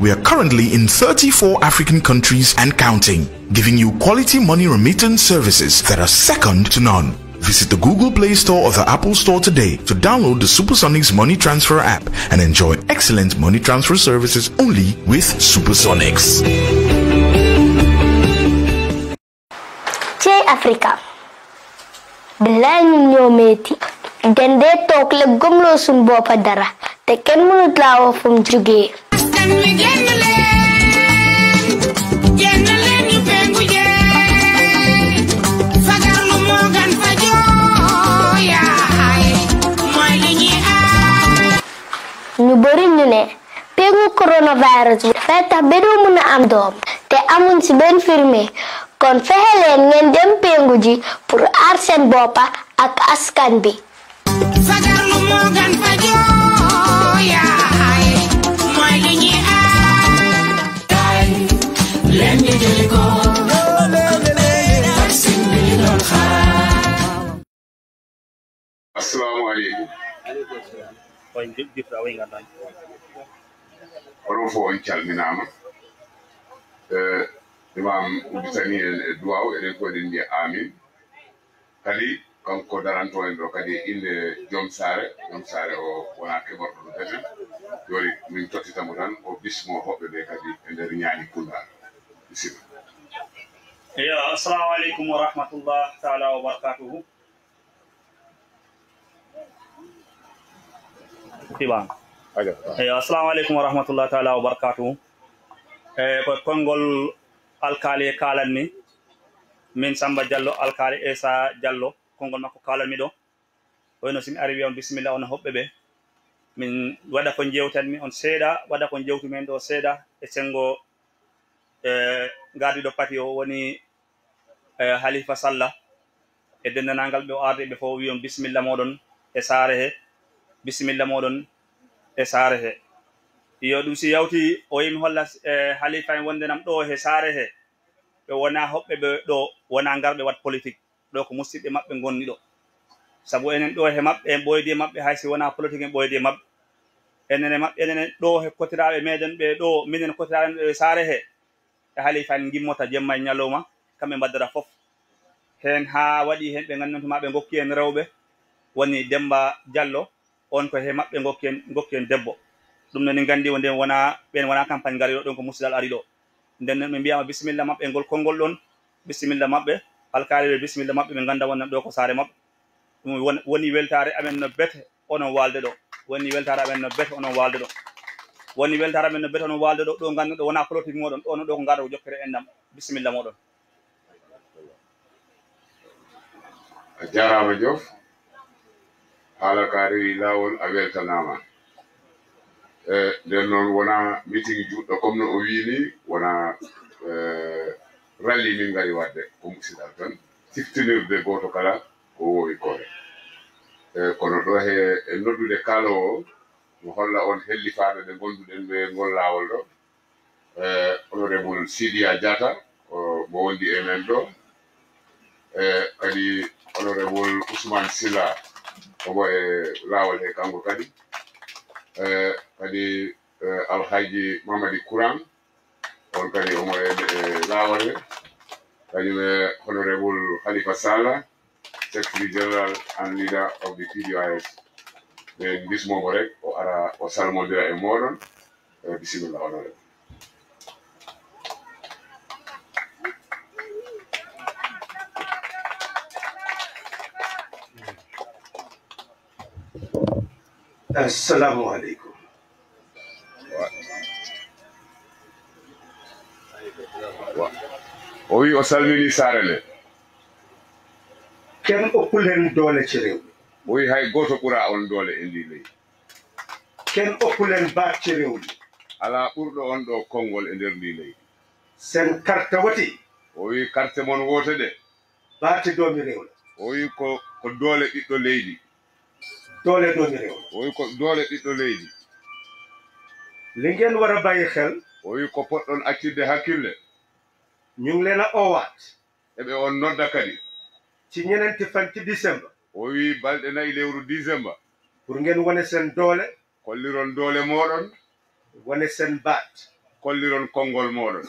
we are currently in 34 African countries and counting, giving you quality money remittance services that are second to none. Visit the Google Play Store or the Apple Store today to download the Supersonics Money Transfer app and enjoy excellent money transfer services only with Supersonics. J Africa. billaay ñun meti, den dee toog la suñ boppa dara te kenn mënut laa ñu bari ñu ne péngu coronavirus bi dafay tax ba am doom te amuñ ci benn firme kon fexe leen dem péngu ji pour aar seen boppa ak askan bi. Assalamu aleykum oɗon fof on calminama eh, imam udditani en e duwaw eɗen ko eɗen mbiya amin kadi kanko daranto en ɗo kadi inde joom saare joom saare o wona keɓorɗo ɗum kadi joni min tottitamo tan o bismo hoɓɓe ɓe kadi e nder ñaani kundan bisimilla eyo assalamu aleykum wa rahmatullah taala wa barakatuhu siɓan eyo assalamu aleykum wa rahmatullah taala wa barkatuhu e ko konngol alkaali e kaalan ni min samba diallo alkaali esa diallo konngol makko kaalanmi ɗo oyno somi arrivi on bisimilla on hoɓɓe ɓe min waɗa ko jewtanmi on seeɗa waɗa ko jewtu men ɗo seeɗa e senngo e gardiɗo pati o woni e halifa sallah e dendanangal ɓe o arde ɓe fof wi on bisimilla moɗon e saare he bisimilla moɗon e saare he yo ɗum si yawti o yimi holla e, halifa en wonde nam ɗo he saare he ɓe wona hoɓɓe ɓe ɗo wona garɓe wat politique ɗo ko musidɓe maɓɓe gonni ɗo saabu enen ɗo he maɓɓe en ɓoydi e maɓɓe haysi wona politique en ɓoydi e maɓɓe enene maɓɓe enene ɗo he kotiraɓe meɗen ɓe ɗo minen kotiraɓe ɓe saare he e halifa en gimmota jemma e ñalowma kamɓe mbaddata foof hen ha waɗi hen ɓe gandantuma ɓe gokki en rewɓe woni demba diallo on ko he maɓɓe gokkien gokkien debbo ɗum noni gandi o nden wona ɓen wona campagne gariɗo ɗon ko musidal ari ɗo nden ɓe mbiyama bisimilla maɓɓe ngol kolngol ɗon bisimilla maɓɓe halkaliɓe bisimilla maɓɓe ɓe ganda wonnan ɗo ko saare maɓɓe ɗum woni weltare amen no bete onon walde ɗo woni weltare amen no bete onon walde ɗo woni weltare amen no bete onon walde ɗo ɗo ganduɗo wona politique moɗon ɗono ɗo ko ngaro ko jokkere endam bisimilla moɗon a jarama jof haalakare wi laawol a weltanaama e nden noon wona meeting juɗɗo comme no o wini wona e, ralli min ngari wadde ko musidal tan siftinirde gooto kala ko wowi kore e kono ɗo he e noddude kaaloo mi holla on hellifade nde gonduɗen ɓe ngol laawol ɗo e, honorable sidia diata mo wondi e men ɗo e kadi honorable ousmane sila obo e eh, he kanko kadi eh, kadi eh, alhaji mamadi couran on kadi omo e laawol he kañum e honorable halifa sala secretary general and leader of the pdis ɓe mbismomo rek o ara o salmodira e moɗon bisimilla honorable Assalamu alaikum. o wi o salmini saare nde ken okkulen doole ci rew o wi hay goto ɓura on doole e ndi leydi ken okkulen baat ci rew ndi ala ɓurɗo on ɗo konngol e nder ndi leydi sen carte wati o wi carte mon woote ɗe baati doomi rewla o wi ko ko doole ɓiɗɗo leydi doole doomi réew woyi ko doole ɓiɗɗo leydi li ngeen war a bàyyi xel woyi ko poɗɗon accirde hakkille ñu ngi leen a oowaat eɓe on nodda kadi ci ñenenti fan ci décembre o wi balɗe nayi lewru décembre pour ngeen wone seen doole kolliron doole mooɗon wone seen baat kolliron konngol mooɗon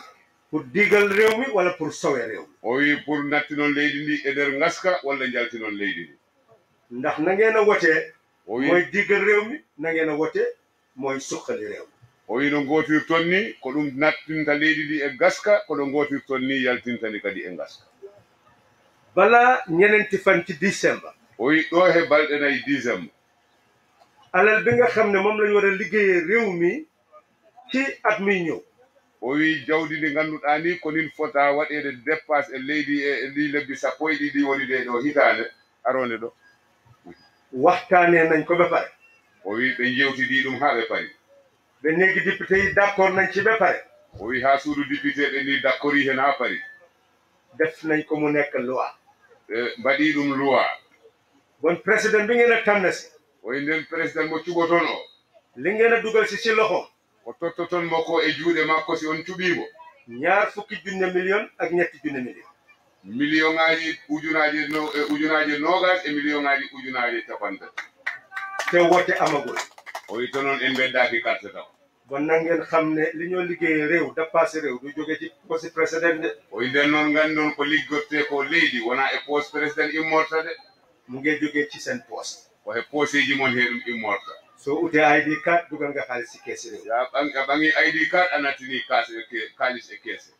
pour digal réew mi walla pour sowe réew mi o wi pour nattinon leydi ndi e nder ngaska walla jaltinon leydi ndi ndax na ngeen a wotee mooy diggal rewmi nagena wote mooy sukkali rewmi o wi no gootirton ni ko ɗum nattinta leydi ndi e gaska koɗo gootirton ni yaltintani kadi e gaska bala ñenenti fanti décembre o wi ɗo he balɗe nayi décembre alal ɓe nga xam ne moom lañ wara liggéeye rewmi ci at mi ñëw o wi jawdi ndi ngannduɗaa ni konin fota waɗeede dépasse e leydi e ɗi lebbi sappo e ɗiɗi woni de ɗo hitaande aronde ɗo waxtaanee nañ ko ba pare o wi ɓe jewtidii ɗum haa ɓe pari ɓe negi député yi d' nañ ci ba pare o wi haa suudu député ɓe ndi d' accord haa pari def nañ ko mu nekk loi mbaɗii ɗum loi bon président bi ngeen a tànn si oy nden président mo cuɓoton o li dugal si si loxo o tottoton mo ko e juuɗe makko si on cuɓiimo ñaar fukki junne million ak ñetti junne million million ŋaji ujunaje no eh, ujunaje nogas e eh, million ŋaji ujunaje capantati te wote amagol o wi to noon en beddaki bon na ngeen xam ne li ñoo liggéeye réew dépassé réew du jóge ci poste de o yiden noon ngandon ko liggorte ko leydi wona e poste président immorta de mu ngi jóge ci seen poste ko he posteji mon he ɗum immorta so ute id card dugal nga xaalis si kees réew ya id card a nattini kalis eh, e keese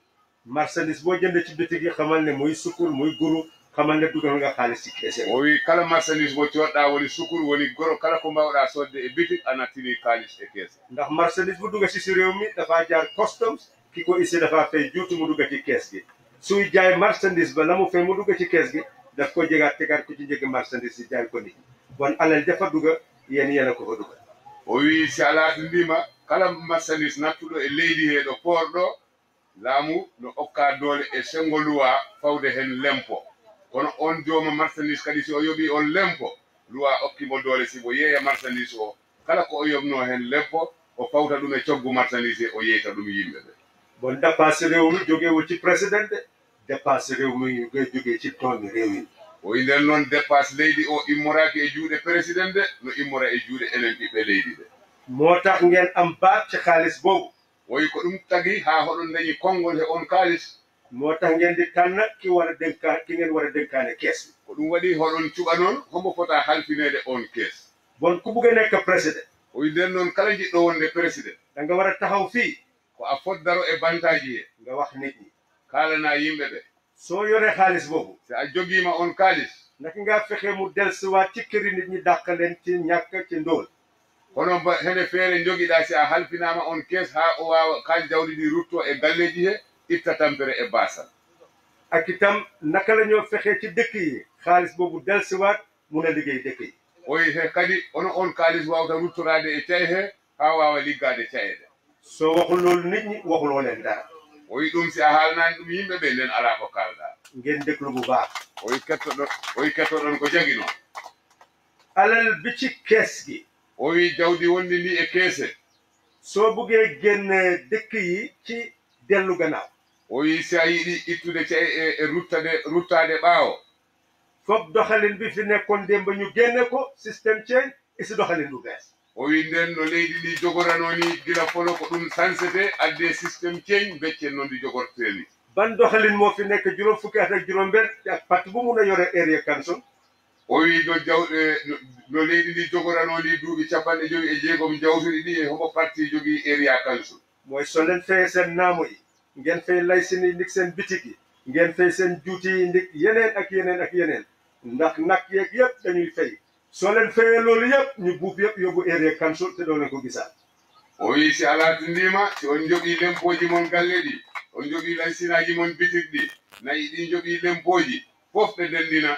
marchandise boo jëndee ci bitig yi xamal ne muy sukkur muy guru xamal ne dugal nga xaalis ci keese o wi kala marchandise mo coɗɗa woni sukkur woni goro kala ko mbawɗa sodde e bitig a nattini xaalis e keese ndax marchandise bu duga ci si réew mi dafa jaar customs ki ko isi dafa fay juuti mu duga ci kees gi suy jaay marchandise ba la mu fay mu duga ci kees gi daf ko jegaat tegaat ko ci njëg marchandise yi jaay ko nit bon alal dafa duga yéen yéen a ko fa duga o laamu no okka doole e sengo luwa fawde hen lempo kono on jooma marchandise kadi si o yoɓi on lempo luwa okkimo doole simo yeeya marchandise o kala ko o yoɓno hen lempo o fawta ɗum e coggu marchandise o yeyta ɗum yimɓe ɓe bon dépasse rewmi jogee wocci président de dépasse rewmi yoge jogee ci toomi rewmi o nden noon dépasse leydi o immoraki e juuɗe président de no immora e juuɗe enen ɓiɓɓe leydi ɓe moo tax am baat ci xaalis boobu woyi ko ɗum tagi haa hoɗon dañi konngol e on kaalis moo tax ngeen di tànn ki war a dénka ki ngeen war a dénkaane kees ko ɗum waɗi hoɗon cuɓa noon hombo fotaa halfineede on kees bon ku bugge nekk président oyi nden noon kala jiɗɗo wonde président da nga war a taxaw fii ko a foddaro e bantaaji he nga wax ni ñi kaalanaa yimɓe ɓe soo yoree xaalis boobu so a jogiima on kaalis naka ngaa fexe mu dellusiwaat ci këri nit ñi dàq leen ci ñàkk ci ndóol kono hene feere jogiɗa si a halfinama on kees ha o wawa kan jawdi ndi rutto e galleji he itta tampere e basal ak itam naka la ñoo fexee ci dëkk yi xaalis boobu delsiwaat mun a liggéey dëkk yi oy he kadi ono on kaalis wawta ruttorade e caye he ha wawa liggade cayeɗe so waxul loolu nit ñi waxuloo leen dara oyi ɗum si a haalnani ɗum yimɓe ɓe nden ala ko kalɗa ngeen déglu bu baax oyi kettoɗon oyi kettoɗon ko jagi noon alal bi ci kees gi o wi jawdi wonni ni e keese soo buggee génn dëkk yi ci dellu gannaaw o wi si a yiɗi ittude ci e, e ruttade ruttaade ɓaawo fof doxalin bi fi nekkoon démb ñu génne ko système change e si doxalin bu bees o wi nden no leydi ndi jogorano ni gila folo ko ɗum sansete adde systéme change beccen noon ndi jogorteeni ban doxalin moo fi nekk juróom fukki at ak juróom benn ak pat bu mun a yore area council o wi no jawɗe eh, no leydi ndi jogorano ni duuɓi capanɗe joyi e jeegom jawtuɗi ɗi e homo parti jogii éria kansul moy so len feye sen naamoyi ngen fey laysini ndik sen bitiki ngeen fay sen juuti ndik yenen ak yenen ak yenen ndax nak yeeg yépp dañuy fay so len fayee loolu yépp ñu buub yépp yóbbu area council te doo ko gisaat oyi si alaati ndima si on jogi lempooji mon galle ɗi on jogi laysinaaji mon bitik ɗi nayi ɗi jogi lempooji fof ɓe denndina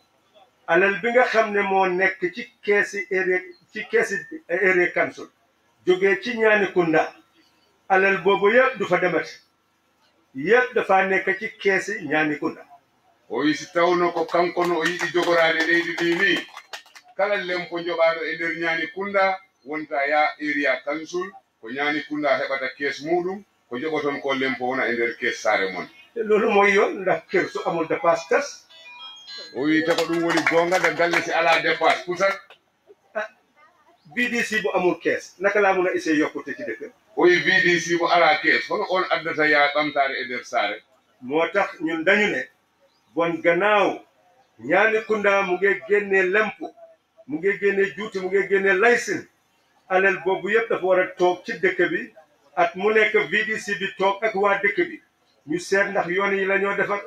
alal bi nga xam ne moo nekk ci keesi area ci keesi area kansul jógee ci ñaani kunda alal boobu yëpp du fa demati yëpp dafa nekk ci keesi ñaani kunda o yisi no ko kanko no o yiɗi jogoraade leydi ndi ni kala ko joɓaaɗo e ndeer ñaani kunda wonta ya area kansul ko ñaani kunda heɓata kees muɗum ko joɓoton ko lempo wona e ndeer kees saare mon loolu mooy yoon ndax kër su amul de pastas o wiite ko ɗum woni goonga nde galle si alaa dépense pusan VDC bu amul kees naka laa mun a essayer yokkute ci dëkk o wi VDC bu alaa kees hono on addata yaa ɓamtaare e saare moo tax ñu dañu ne bon gannaaw ñaa kundaa mu ngi génnee lempo mu ngi génnee juuti mu ngi génnee laysin alal boobu yëpp dafa war a toog ci dëkk bi at mu nekk VDC bi toog ak waa dëkk bi ñu seet ndax yoon yi lañoo ñoo defar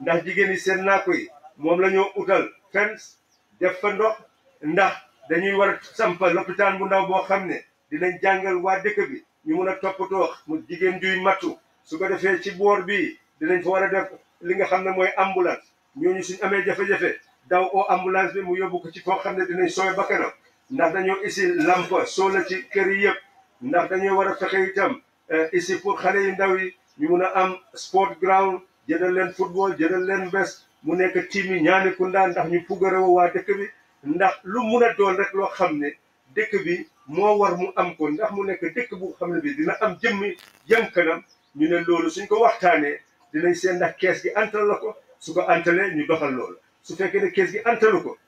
ndax jigéen yi seen naako yi moom la ñoo utal fence def fa ndox ndax dañuy war a sampa lopitaan bu ndaw boo xam ne dinañ jàngal waa dëkk bi ñu mun a toppatoo mu jigéen juy mattu su ko defee ci boor bi dinañ fa war a def li nga xam ne mooy ambulance ñu suñ amee jafe-jafe daw oo ambulance bi mu yóbbu ci koo xam ne dinañ sooy bakkanam ndax dañoo isi lampa soo la ci kër yi yëpp ndax dañoo war a fexe itam eh, isi pour xale yu ndaw yi ñu mun a am sport ground jëndal leen football jëndal leen bés mu nekk tiimi Ñaanikunda ndax ñu pugaroo waa dëkk bi ndax lu mun a doon rek loo xam ne dëkk bi moo war mu am ko ndax mu nekk dëkk bu xam ne bi dina am jëmmi jëm kanam ñu ne loolu suñ ko waxtaanee dinañ seen ndax kees gi antal la ko su ko antalee ñu doxal loolu su fekkee ne kees gi antalu ko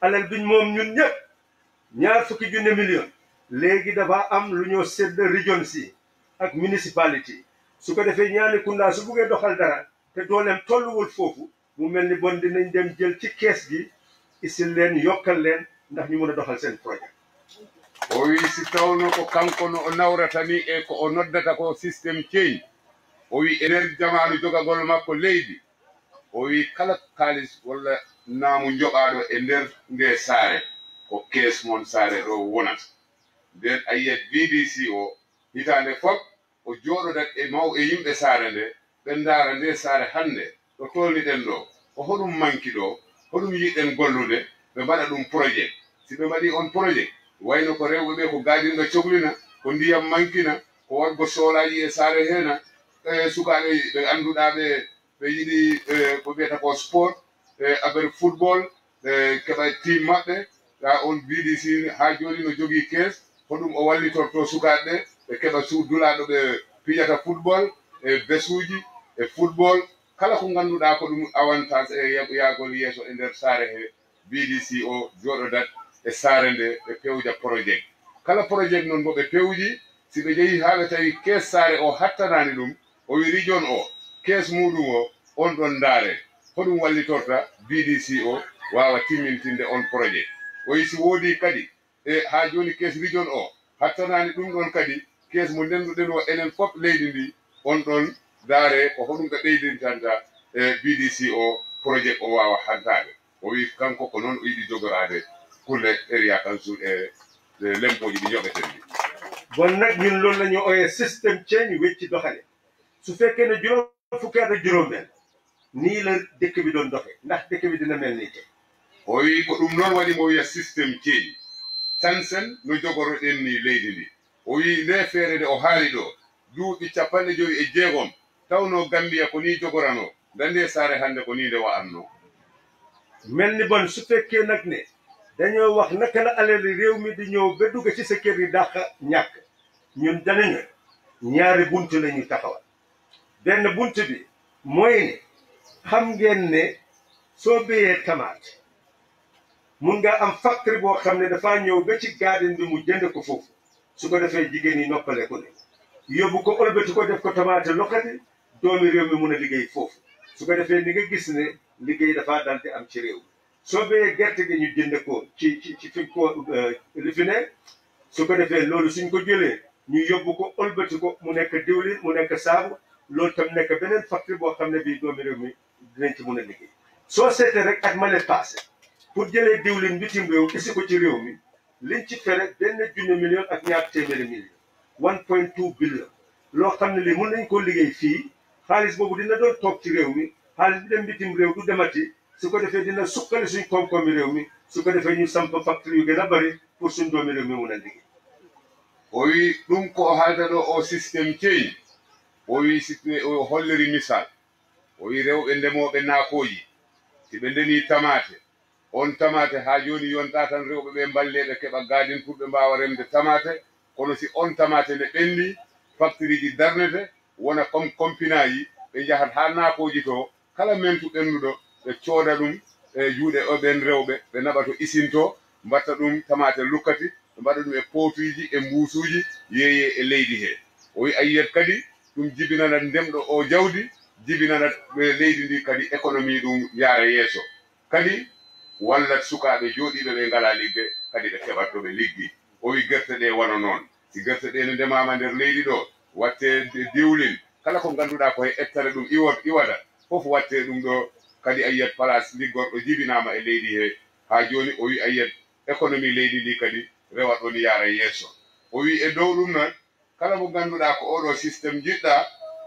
alal biñ moom ñun ñëpp ñaar fukki junne million léegi dafa am lu ñoo sedd région si ak municipality su ko defee Ñaani Kunda su buggee doxal dara te dooleem tolluwul foofu mu mel ni bon dinañ dem jël ci kees gi isil leen yokkal leen ndax ñu mën a doxal seen projet o wi si tawno ko kanko no o nawrata ni e ko o noddata ko systéme ceyi o wi enen jamanu jogagol makko leydi o wi kala kaalis walla naamu joɓaɗo e nder nde saare ko kees moon saare ɗo wonata nden a yiyat bbc o hitande fof o jooɗodat e maw e yimɓe saare nde ɓe ndaara nde saare hannde ɗo tolniɗen ɗo ko hoɗum manki ɗo hoɗum yiɗen gollude ɓe mbaɗa ɗum projet si ɓe mbaɗi on projet wayno ko rewɓe ɓe ko gadinɗo cohlina ko ndiyam mankina ko wargo soolaji e saare hena e sukaɓe ɓe annduɗa ɓe ɓe yiɗi e, ko wiyata ko sport e affaire football ɓe keɓa tim maɓɓe ta on mbiɗi si ha joni no jogii kees hoɗum o wallitorto sukaɓe ɓe ɓe keɓa sudulaɗo ɓe pijata football e besuji e football kala ko ngannduɗaa ko ɗum avantage e yaɓoyaagol yeeso e ndeer saare he bdc o jooɗodat e saare nde ɓe pewja projet kala projet noon bo ɓe pewji si ɓe jehii haa ɓe tawii kees saare o hattanaani ɗum o wi rijon o kees muɗum o on ɗon ndaare hoɗum wallitorta bdc o waawa timmintinde on projet oyi si woodii kadi e haa jooni kees rijon o hattanaani ɗum ɗon kadi kees mo ndennduɗen o enen fof leydi ndi on ɗon daare ko h o n u m t a ɗeydintanta e bdc o projet o wawa hantade o wi kanko ko noon o yiɗi jogorade kulle area kansul e lempoji ɗi joɓeten ɗi bon nag ñun loolu la ñu oyee système c h a n g wecci doxale su f e k k e ne juróom fukki at ak juróom benn i la dëkk bi doon doxe ndax dëkk bi dina mel nii t e o wi ko ɗum noon waɗi mo wiya systéme ceeƴi tan sen no jogoroɗen ni leydi ndi o wi nde feere d e o haali ɗo duuɓi capanɗe joyi e jeegom tawno gambiya ko ni jogorano dande saare hannde ko ni nde wa'atno mel ni bon su fekkee nag ne dañoo wax naka la alali réew mi di ñëw ba dugg ci sa kër yi dàq ñàkk ñun danañu ñaari bunt lañu ñu benn bunt bi mooy xam ngeen ne soo béyee tamaat mun nga am factory boo xam ne dafaa ñëw ba ci garden bi mu jënd ko foofu su ko defee jigéen yi noppale ko ne yóbbu ko ëlbati ko def ko tamaate lokkati doomi réew mi mun a liggéey foofu su ko defee ni nga gis ne liggéey dafaa daal am ci réew mi soo bayee gerte gi ñu jënd ko ci ci ci fi ko euh, li fi su ko defee loolu suñ ko jëlee ñu yóbbu ko ëlbati ko mu nekk diwlin mu nekk saabu loolu tam nekk beneen facture boo xam ne bii doomi réew mi dinañ ci mun a liggéey soo seetee rek ak male passé pour jëlee diwlin bitim réew isi ko ci réew mi liñ ci fere benn junni million ak ñaar téeméeri million one point two billion loo xam ne li mun nañ koo liggéey fii xaalis boobu dina doon toog ci réew mi xaalis bi dem bitim réew du demati su ko defee dina sukkali suñ koom-koomi réew mi su ko defee ñu samp facture yu gën a bëri pour suñ doomi réew mi mun a liggéey o wi ɗum ko haaldano o systéme ceeyi o wi o holliri misal o wi rewɓe ndemoɓe naakoji si ɓe ndeni tamate on tamate ha joni yonta tan rewɓe ɓe balleɓe keɓa gadin pour ɓe mbawa remde tamate kono si on tamate nde ɓendi facture ji darnete wona comme compinaji ɓe jahat ha naakoji to kala mentu ɓennuɗo ɓe cooda ɗum e juuɗe o ɓen rewɓe ɓe naɓa to isinto mbatta ɗum tamate lukkati ɓe mbaɗa ɗum e potuji e mbuusuji yeeye e leydi he o wi ayiyat kadi ɗum jibinana ndemɗo o jawdi jibinana leydi ndi kadi économie ɗum yaara yeeso kadi wallat sukaɓe jooɗiɓe ɓe ngala ligde kadi ɓe keɓat to ɓe liggi o wi gerte ɗe wona noon si gerte ɗe ne ndemama nder leydi ɗo watte diwlin kala ko ngannduɗaa ko he ettare ɗum iwod iwada fof watte ɗum ɗo kadi a yiyat place liggorɗo jibinaama e leydi he haa jooni o wi a yiyat économie leydi ndi kadi rewat ɗon yaara yeeso o wi e dow ɗum noon kala mo ngannduɗaa ko oɗo systéme jiɗɗa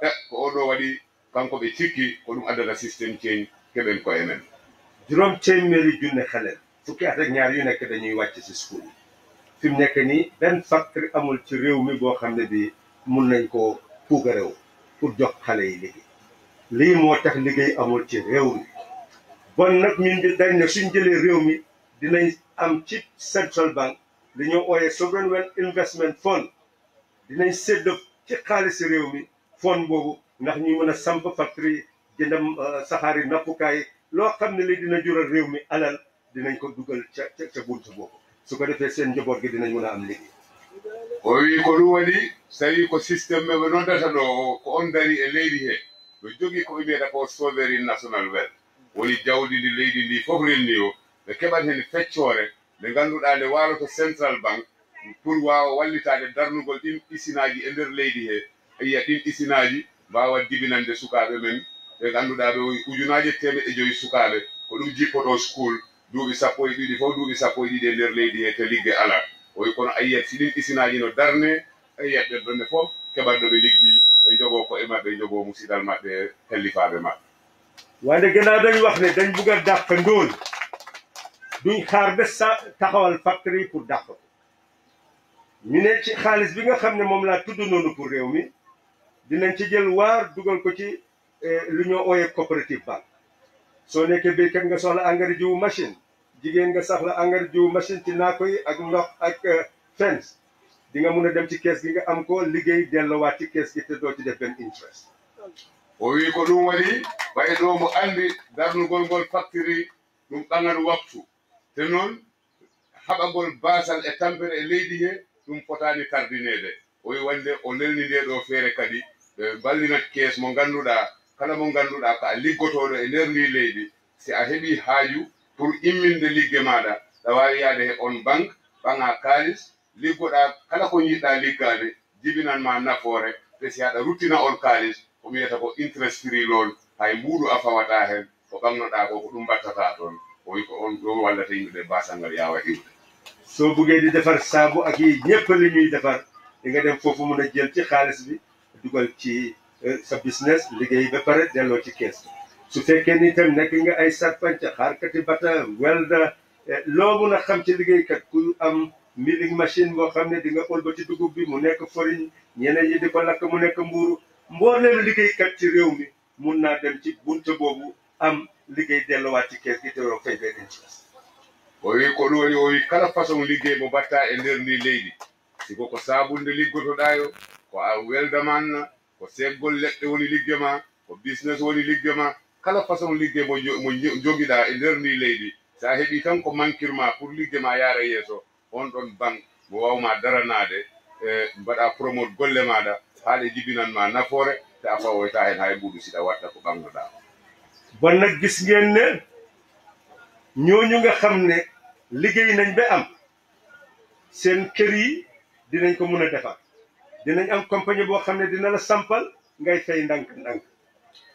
e ko oɗo waɗi kanko ɓe cikki ko ɗum addata systéme ceeñ keɓen ko emen juróom téeméeri junne xelel fukki at ak ñaar yu nekk dañuy wàcc si school fi mu nekk nii benn facteur amul ci réew mi boo xam ne bii mun nañ ko puuga réew pour jox xale yi liggéey lii moo tax liggéey amul ci réew mi bon nag ñun dañ ne suñ jëlee réew mi dinañ am ci central bank li ñoo ooyee sovereign wealth investment fund dinañ séddoo ci xaalisi réew mi fond boobu ndax ñuy mën a samp factory jëndam euh, saxaari nappukaay loo xam ne lii dina jural réew mi alal dinañ ko dugal ca ca buntu boobu su ko defee seen njaboot gi dinañ mën a am liggéey o wi ko ɗum waɗi so tawi ko systéme me ɓe noddata ɗo ko on dari e leydi he ɓe jogi koɓe mbiyata ko soverin national wel woni jawdi ndi leydi ndi fof rinni o ɓe keɓat hen feccore nde ngannduɗaa nde waaloto central banque pour waawa wallitaade darnugol ɗin isinaaji e ndeer leydi hee ayiya ɗin isinaaji mbaawa dibinande sukaaɓe men ɓe ngannduɗaa ɓe ujunaaji teme e joyi sukaaɓe ko ɗum jippotoo school duuɓi sappo e ɗiɗi fof duuɓi sappo e ɗiɗi e ndeer leydi hee te ligge alaa oyi kono ay yiyat si ɗin isinaji no darne a yiyat ɓen ɗonne fof keɓanɗo ɓe liggi si jogoo koye maɓɓe jogoo musidal maɓɓe hellifaaɓe maɓɓe wayde gannaaw dañ wax ne dañ bugg a dàq ndóol duñ xaar ba sa taxawal factory pour dàq ko ñu ne ci xaalis bi nga xam ne moom laa tudd noonu pour réew mi dinañ ci jël waar dugal ko ci eh, lu ñoo ooyee coopérative banque soo nekkee béykat nga soxla engrais jiwu machine jigen nga soxla engrais ju machine ci nakoy ak ndox ak fence di nga mëna dem ci caisse gi nga am ko liggéey wat ci caisse gi te do ci def interest o wi ko ɗum do mu andi dar nu gol gol factory ɗum tanar waktu te haba gol basal e tampere e leydi he potani fotani de o wi wande o nelni de do fere kadi ɓe ballinat mo ganduda kala mo ganduda ka a do e nder leydi si a hebi haaju pour imminde ligge maɗa aɗa wawi yaade e on banque ɓaŋa kalis liggoɗa kala ko jiɗɗa liggade on kalis komi wiyata ko interest fri loan ko ɓamnoɗa defar saabu ak yi ñépp li ñuy defar di nga dem foofu mun ci xaalis bi dugal ci euh, sa business liggéey ba pare delloo ci kees su fekkee ni itam nekk nga ay sarpanc xaarkati bata welda eh, loo mun a xam ci liggéeykat ku am milling machine boo xam ne dinga nga ëlbati dugub bi mu nekk foriñ ñeneen yi di ko lakk mu nekk mbuuru mbooleelu liggéeykat ci réew mi mun naa dem ci bunte boobu am liggéey delluwaat ci kees gi te waroo fay beneen ci e ko ɗo woni ko sabunde liggotoɗa a weldamanna ko seggol leɗɗe woni ligge ma ko business woni ligge ma kala façon ligge mo mo jogiɗa e nder ndi leydi so a heɓi tan ko manquirement pour ligge ma yaara yeeso on ɗon banque mo wawma daranade e eh, mbaɗa promote golle maɗa haaɗe jibinanma nafoore te a fawoyta hen hay ɓuuɗu siɗa waɗta ko ɓamnoɗa bon nag gis ngeen ne ñooñu nga xam ne liggéey nañ ba am seen kër yi dinañ ko mën a defar dinañ am compagnie boo xam ne dina la sampal ngay fay ndànk ndànk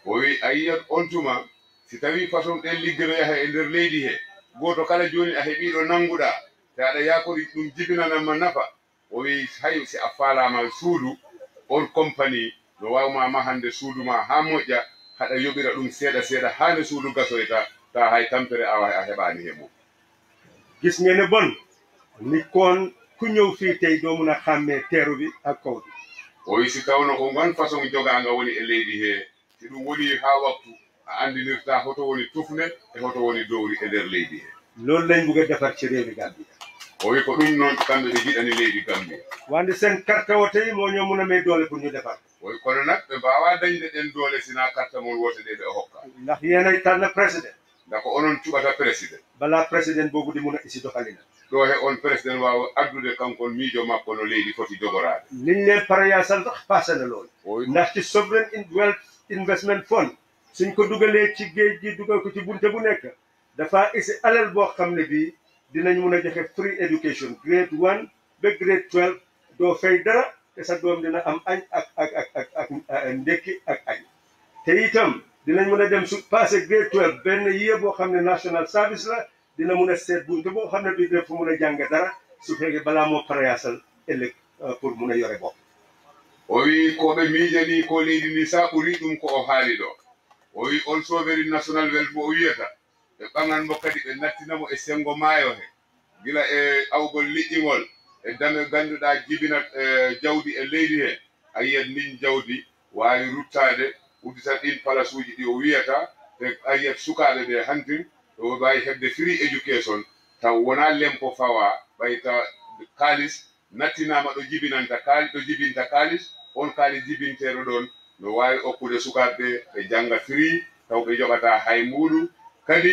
o wi a yiyat on tuma si tawi façon ɗen liggere yaha e nder leydi he goto kala joni a heeɓiɗo nannguɗa te aɗa yakori ɗum jibinanama nafa o wi hay si a faalama suudu on compagnie no wawmama hande suuduma ha moƴƴa haɗa yoɓira ɗum seeɗa seeɗa hane suudu gasoyta ta hay tampere awa a heɓani he mum gisgene bon ni koon kuñow fiitey domuna xamme teeruɓi a kowɗi o wi si tawno ko ngon façon joganga woni e leydi he te ɗum woni ha waktu a andinirta hoto woni tufne e hoto woni dowri e nder leydi he loolu lañ bugg a defar ci réewi gambia o wi ko ɗum noon kamɓe ɓe jiɗani leydi gambia wande sen karta o tawi mo ñoo mun a may doole pour ñu defar oyi kono nag ɓe mbawa dañde ɗen doole sina karta mon wote ɗe ɓe hokka ndax yenay tanna président dako onon cuɓata président bala président bogude mun a isi dokalina ɗo he on président wawa addude kankon miijo makko no leydi foti jogorade liñ leen paraya sal tax passana lool ndax ci sovereign in wealth investment fund suñ ko dugalee ci géej gi dugal ko ci bunte bu nekk dafaa isi alal boo xam ne bii dinañ mun a joxe free education grade one ba grade twelve doo fay dara te sa doom dina am añ ak ak ak ak ak ak añ te itam dinañ mun a dem su passé grade twelve benn yée boo xam ne national service la dina mun a seet bunte boo xam ne bi dina fa mun a jàng dara su fekkee balaa moo pareyaasal ëllëg euh, pour mun a yore bopp o wii ko ɓe miije ni ko leydi ndi sa ɓuri ɗum ko o haali ɗo o wii on soveri national wel mo o wiyata ɓe ɓaŋan mo kadi ɓe nattinamo e sengo maayo he gila e awgol liƴƴingol e dame ngannduɗa jibina e jawdi e leydi he a yiyat nin jawdi waawi ruttaade udita ɗin palace uji ɗi o wiyata e a yiyat sukaaɓe ɓe hantin ɗo waawi heɓde free education taw wonaa lempo fawa ɓay ta kalis nattinaama ɗo jibinanta kali ɗo jibinta kalis on kali jibinteɗo ɗon no waawi okkude sukaaɓe ɓe jannga fri taw ɓe joɓata hay muuɗum kadi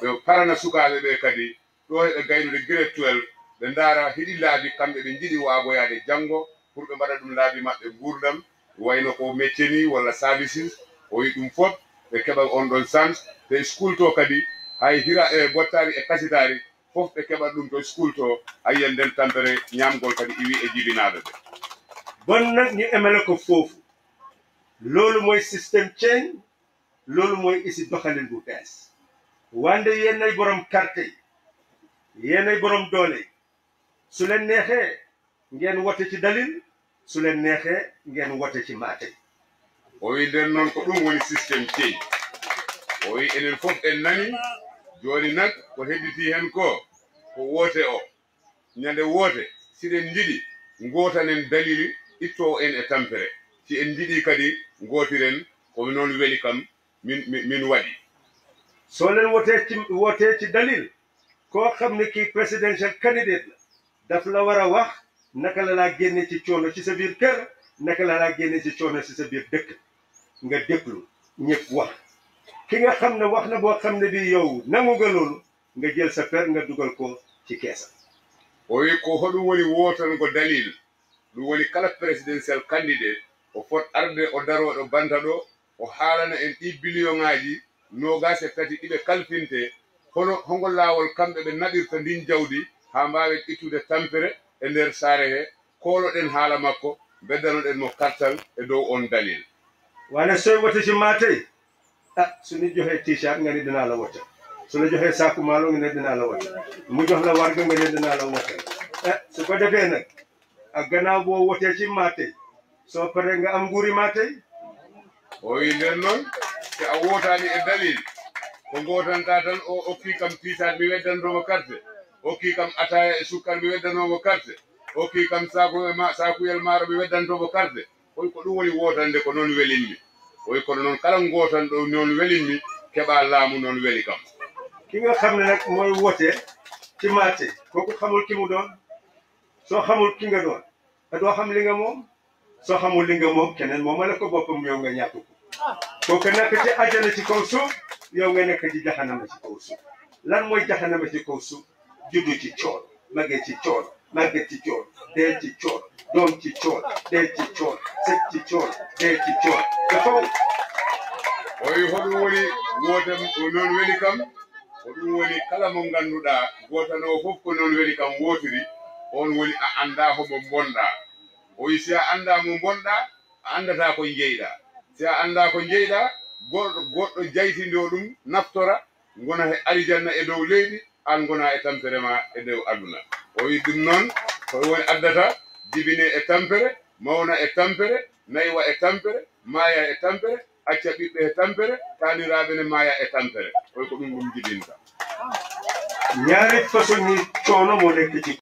ɓe parana sukaaɓe ɓe kadi ɗo heɓe gaynude grade 12 ɓe ndaara heɗi laabi kamɓe ɓe njiɗi waagoyaade janngo pour ɓe mbaɗa ɗum laabi maɓɓe gurdam wayno ko métier ni walla services o yi ɗum fof ɓe keɓa on ɗon sens te school to kadi hay hira e bottaari e kasitaari fof ɓe keɓat ɗum to school to ayiyen nden tampere ñamgol kadi iwi e jibinaaɓe ɓe bon nag ñu emale ko foofu loolu mooy système change loolu mooy isi doxalin bu bees wande yéen ay borom carte yi borom doole su leen neexee ngeen wote ci dalil su leen neexee ngeen wote ci maate o wi nden noon ko ɗum woni systéme change o wi fof en nani jooni nag ko hedditi ko ko woote o ñande woote siɗen jiɗi gootanen dalili ittoo en e tampere si en jiɗi kadi gootiren ko noon weli kam min min waɗi so nen woteeci dalil koo xam ne kii presidential candidate la daf la war a wax naka la laa génne ci coono ci sa biir kër naka la laa génne ci coono ci sa biir dëkk nga déglu ñëpp wax ki nga xam ne wax na boo xam ne bii yow nangu nga loolu nga jël sa per nga dugal ko ci keesa o wi ko hoɗum woni wotango dalil ɗum woni kala présidentiel candidate o fot arde o daroɗo banta ɗo o haalana en ɗi billion ŋaji nogase tati ɗiɓe kalfinte hono hongol laawol kamɓe ɓe naɗirta ndin jawdi ha mbawen ittude tampere e nder saare he koloɗen haala makko beddanoɗen mo kartal e dow on dalil wane sowi ah, wotta simmatey a somi jo he tichat gariɗanala wotta su la joxee sàkku maalo nga ne dinaa la wat mu jox la warga nga ne dinaa la watal eh, su ko defee nag ak gannaaw boo wotee ci maatey soo pare nga am nguuri maatey ooyi ndeen noon te a wootaani e dalil ko ngootantaa tan o o kii kam tiisaat mi weddantoomo carte o kii kam ataya e sukkar mi weddanoomo carte o kii kam saaku e ma saakuyel maaro mi weddantoomo carte oy ko ɗum woni wootande ko noon welinmi oy kono noon kala ngootanɗo noon welinmi keɓaa laamu noon weli kam ki nga xam ne nag mooy woote ci ko kooku xamul ki mu doon soo xamul ki nga doon te doo xam li nga moom soo xamul li nga moom keneen moom ma la ko boppam yow nga ñàkk ko kooku nekk ci àjjana ci kaw suuf yow nga nekk ci jaxanama ci kaw suuf lan mooy jaxanama ci kaw suuf juddu ci cool màggee ci cool màggee ci cool dee ci cool doom ci cool dee ci cool sët ci cool dee ci cool dafaw oy hoɗum woni wootam noon weli kam ko ɗum woni kala mo ngannduɗa gootano fof ko noon weli kam wootiri on woni a annda homo bonɗa o wi si a annda mo bonɗa a anndata ko jeyɗa si a annda ko jeyɗa goɗɗo goɗɗo jaytindo ɗum naftora gona e arijanna e dow leydi an gona e tampere ma e dow aduna o wi ɗum noon ko woni addata jibine e tampere mawna e tampere nayiwa e tampere maaya e tampere acca ɓiɓɓe e tampere taaniraaɓe ne maaya e tampere ko ɗum jibinta ñaari façon ni coono mo nekk ci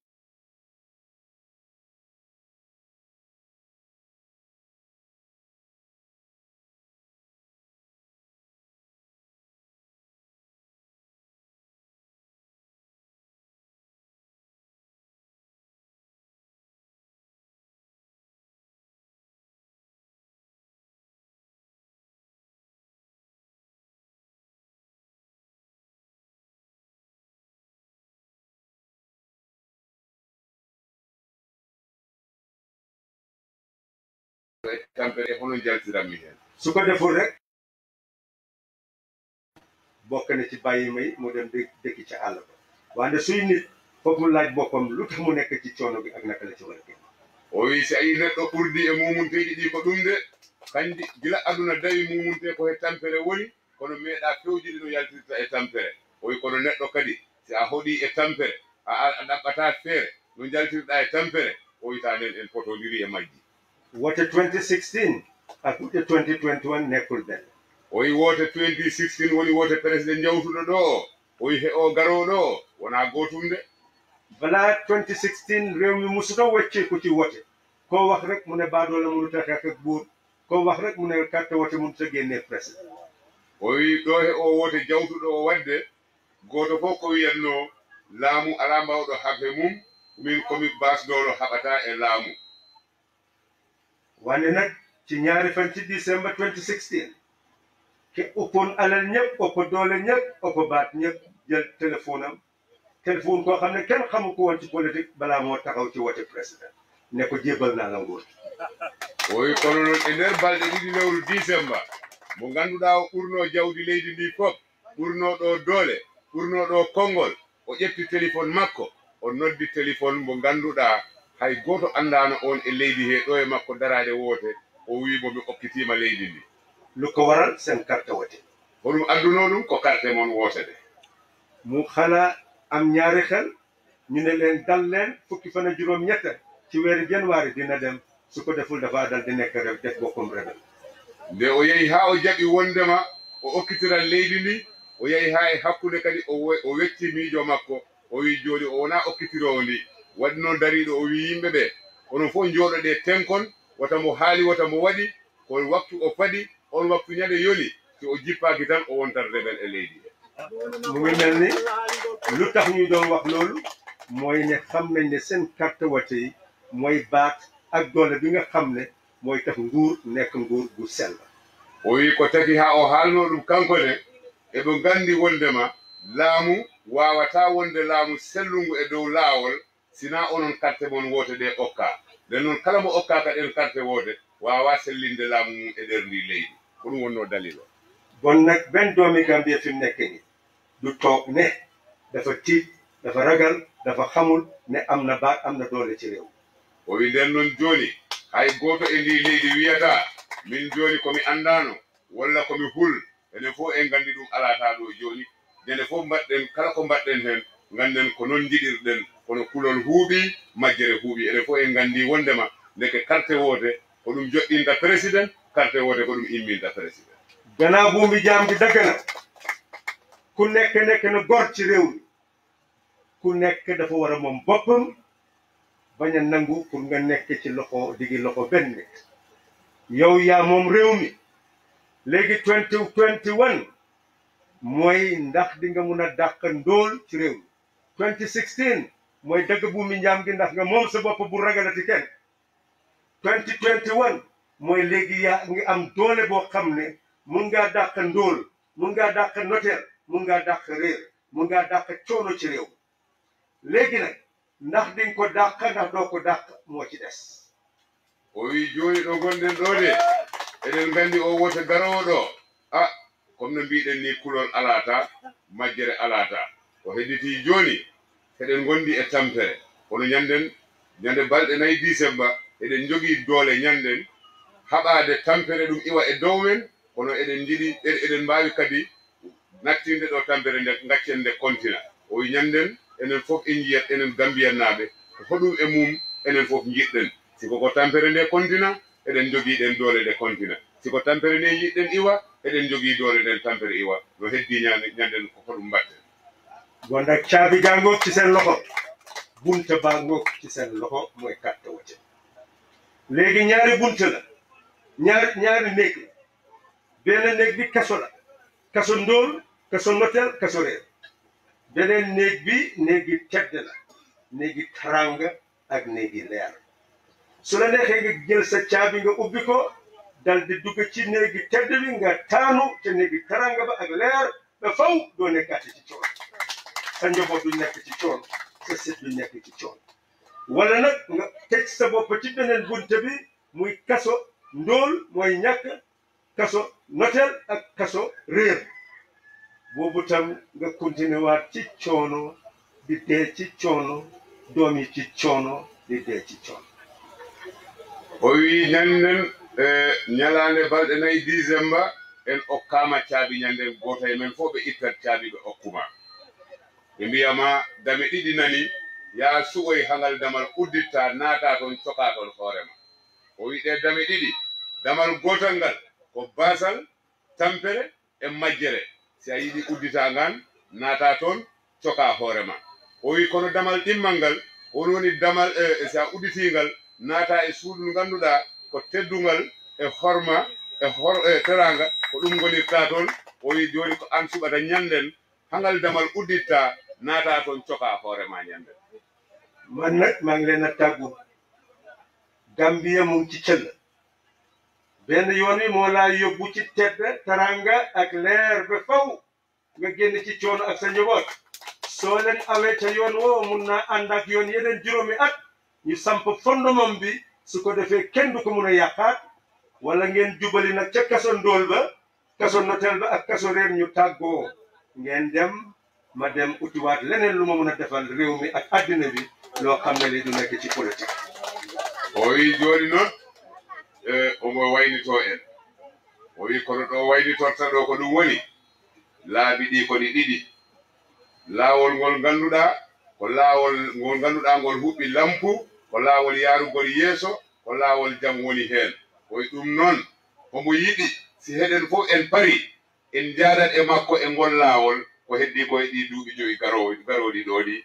tampere hono jaltiranmi heen su ko deful rek bokk na ci bàyyi may mu dem dë dëkki ca àll ba wante suy nit foog mu laaj boppam lu tax mu nekk ci coono bi ak naka o wi si ayi neɗɗo ɓurdi e mumunteji ɗi ko ɗum de kandi gila aduna dawi mumunte ko he tampere woni kono meeɗa fewjidi no yaltirta e tampere o wi e kono neɗɗo kadi si a hoɗi e tampere a ɗaɓɓata feere no jaltirɗa e tampere o wi ta nden en potodiri e majji wote 2016 a kuƴƴe 2021 nekkulden oyi woote 2016 woni woote président jawtuɗo ɗo oyi he o garoɗo wona gotum de bala 2016 rewmi musuto wacci kuci wote ko wax rek mune baadole mun tatake guur ko wax rek mune katte wote mun to genne président oyi ɗo he o woote jawtuɗo o wadde goto fof ko wiyatno laamu ala mbawɗo haɓe mum min komi basdolo haɓata e laamu wane nag ci ñaari fan ci décembre 2016 ke ëppoon alal ñëpp ëpp doole ñëpp ëpp baat ñëpp jël téléphone am téléphone koo xam ne kenn xamu ko woon ci politique balaa moo taxaw ci wote président ne ko jébal naa la nguur oyi kono noon e nder balɗe ɗiɗi lewru décembre mo ngannduɗa o ɓurno jawdi leydi ndi fof ɓurno ɗo doole ɓurno ɗo konngol o ƴetti téléphone makko o noddi téléphone mo ngannduɗa hay goto andana on e leydi he do e makko darade wote o bo mi okkitima leydi ndi ko waral sen carte wote hoɗum anduno dum ko carte mon wote de mu khala am ñaari xel ñu ne len dal len fukki fana juróom ñetta ci wér janvier dina dem su ko deful dafa dal di nek rew def bokkum rew de o yeyi ha o jabi wondema o okkitira leydi ndi o yeyi ha e hakkunde kadi o wecci miijo makko o wi joni o wona okkitiro ndi waɗi noon dariɗo o wi yimɓe ɓe onon fof jooɗoɗe tenkon wata mo haali wata mo waɗi ko waktu o fadi on waktu ñande yoli so o jippaaki tan o wontata rebel e leydi he ɗumi mel ni luttak ñu ɗon wak loolu mooy ne xamne nde sen carte watey mooy baat ak doole bi nga xam ne mooy tax nguur nekk nguur gu sella o wi ko taki haa o haalno ɗum kanko ne eɓe nganndi wondema laamu waawataa wonde laamu sellungu e dow laawol sina onon carte mon woote ɗe okka nden noon kala mo okkaka ɗen carte woote wawa sellinde laamu mum e ɗer ndi leydi ko ɗum wonno dalil o bon nak ɓen domi gam mbiya fim nekke ni duttoo ne dafa ti dafa ragal dafa xamul ne amna ba amna doole ci rew o wi nden noon jooni hay gooto e ndi leydi wiyata min jooni komi anndano walla komi hul enen fof en nganndi ɗum alata ɗo jooni ndene fof mbaɗɗen kala ko mbaɗɗen heen ganden ko noon jiɗirɗen kono kulol huuɓi majjere huuɓi enen fof en nganndi wondema ndeke carte woote ko ɗum joɗɗinta président carte woote ko ɗum imminta président gana buumbi jaamdi daggana ku nekk nekk na gor ci réew mi ku nekk dafa war a moom boppam bañ a nangu pour nga nekk ci loxo digi loxo benn nit yow moom réew mi léegi 2021 mooy ndax di nga mun a dàq ci réew 2016 mooy dëgg buumi njaam gi ndax nga moom sa bopp bu ragalati kenn 2021 mooy léegi yaa ngi am doole boo xam ne mun ngaa dàq ndóol mun ngaa dàq noteer mun ngaa dàq réer mun ngaa dàq coono ci réew léegi nag ndax di ko dàq ndax doo ko dàq moo ci des o wii jooni ɗo gonɗen ɗo de eɗen nganndi o wota garowo ɗo a ah, comme no mbiɗen ni kulol alaata majjere alaata o hedditi jooni heɗen gondi e tampere kono ñanden ñande balɗe nayi disemba eɗen jogii doole ñanden haɓaade tampere ɗum iwa e dow men kono eɗen njiɗi eɗen mbaawi kadi nattinde ɗo tampere nde gaccen nde kontina o wi ñannden enen fof e njiyat enen gambiyannaaɓe hoɗum e mum enen fof njiɗɗen siko ko tampere nde kontina eɗen jogii ɗen doole nde kontina siko tampere nde yiɗɗen iwa eɗen jogii doole nden tampere iwa no heddii ñannden ko hoɗum mbatten bon nag caabi gàngoog ci seen loxo bunta bàngoog ci seen loxo mooy carte wote léegi ñaari bunta la ñaari ñaari néeg la benn néeg bi kaso la kaso ndóol kaso notel kaso réer beneen néeg bi néegi tedd la néegi taranga ak néegi leer su la neexee nga jël sa caabi nga ubbi ko dal di dugg ci néegi tedd bi nga taanu te néegi taranga ba ak leer ba faw doo nekkaati ci coono sa njaboot du nekk ci coon sa sët du wala nag nga teg sa bopp ci beneen bunte bi muy kaso ndóol mooy ñàkk kaso noteel ak kaso réer boobu tam nga continué waat ci coono di dee ci coono doom yi ci coono di dee ci coono o wii hen nen e, ñalaande balɗe nayi disemba en okkaama caabi ñannde gooto e men fof ɓe caabi ɓe okkuma ɓe mbiyama dame ɗiɗi nani yaa sugoy hangal damal udditta naata toon coka toon hoorema o wiɗe dame ɗiɗi damal gotal ngal ko basal tampere e majjere si a yiɗi uddita ngan naata toon coka hoorema o wi kono damal ɗimmal ngal won woni damal e, e si a udditingal naata e suudu ndu ngannduɗa ko teddungal e horma e hor e teranga ko ɗum gonirta toon o wi joni ko an suɓata ñanden hangal damal udditta naata kon cokaa hoore ma ñande man maa ngi leen a tàggu Gambia ci cëll benn yoon wi moo laa yóbbu ci tedd taranga ak leer ba faw nga génn ci coono ak sa njaboot soo leen awee ca yoon woo mun naa ànd yoon yeneen juróomi at ñu samp fondement bi su ko defee kenn du ko mun a yàqaat wala ngeen jubali nag ca kaso ndóol ba kaso notel ba ak kaso reer ñu tàggoo ngeen dem ma dem utiwaat leneen lu ma mën a defal réew mi ak àddina bi loo xam ne li du nekk ci politique eh, o wi jooni noon omo waynitoo en o wi kono ɗo waynitorta ɗo ko ɗum woni laabi ɗi koni ɗiɗi laawol ngol ngannduɗaa ko laawol ngol ngannduɗaa ngol huɓɓi lampu ko laawol yaarugol yeeso ko laawol jam woni heen koye ɗum noon omo yiɗi si heɗen fof en pari en njaadat e makko e ngol laawol ko heddi ko heɗi duuɓi joyi garowo garoɗi ɗo ɗi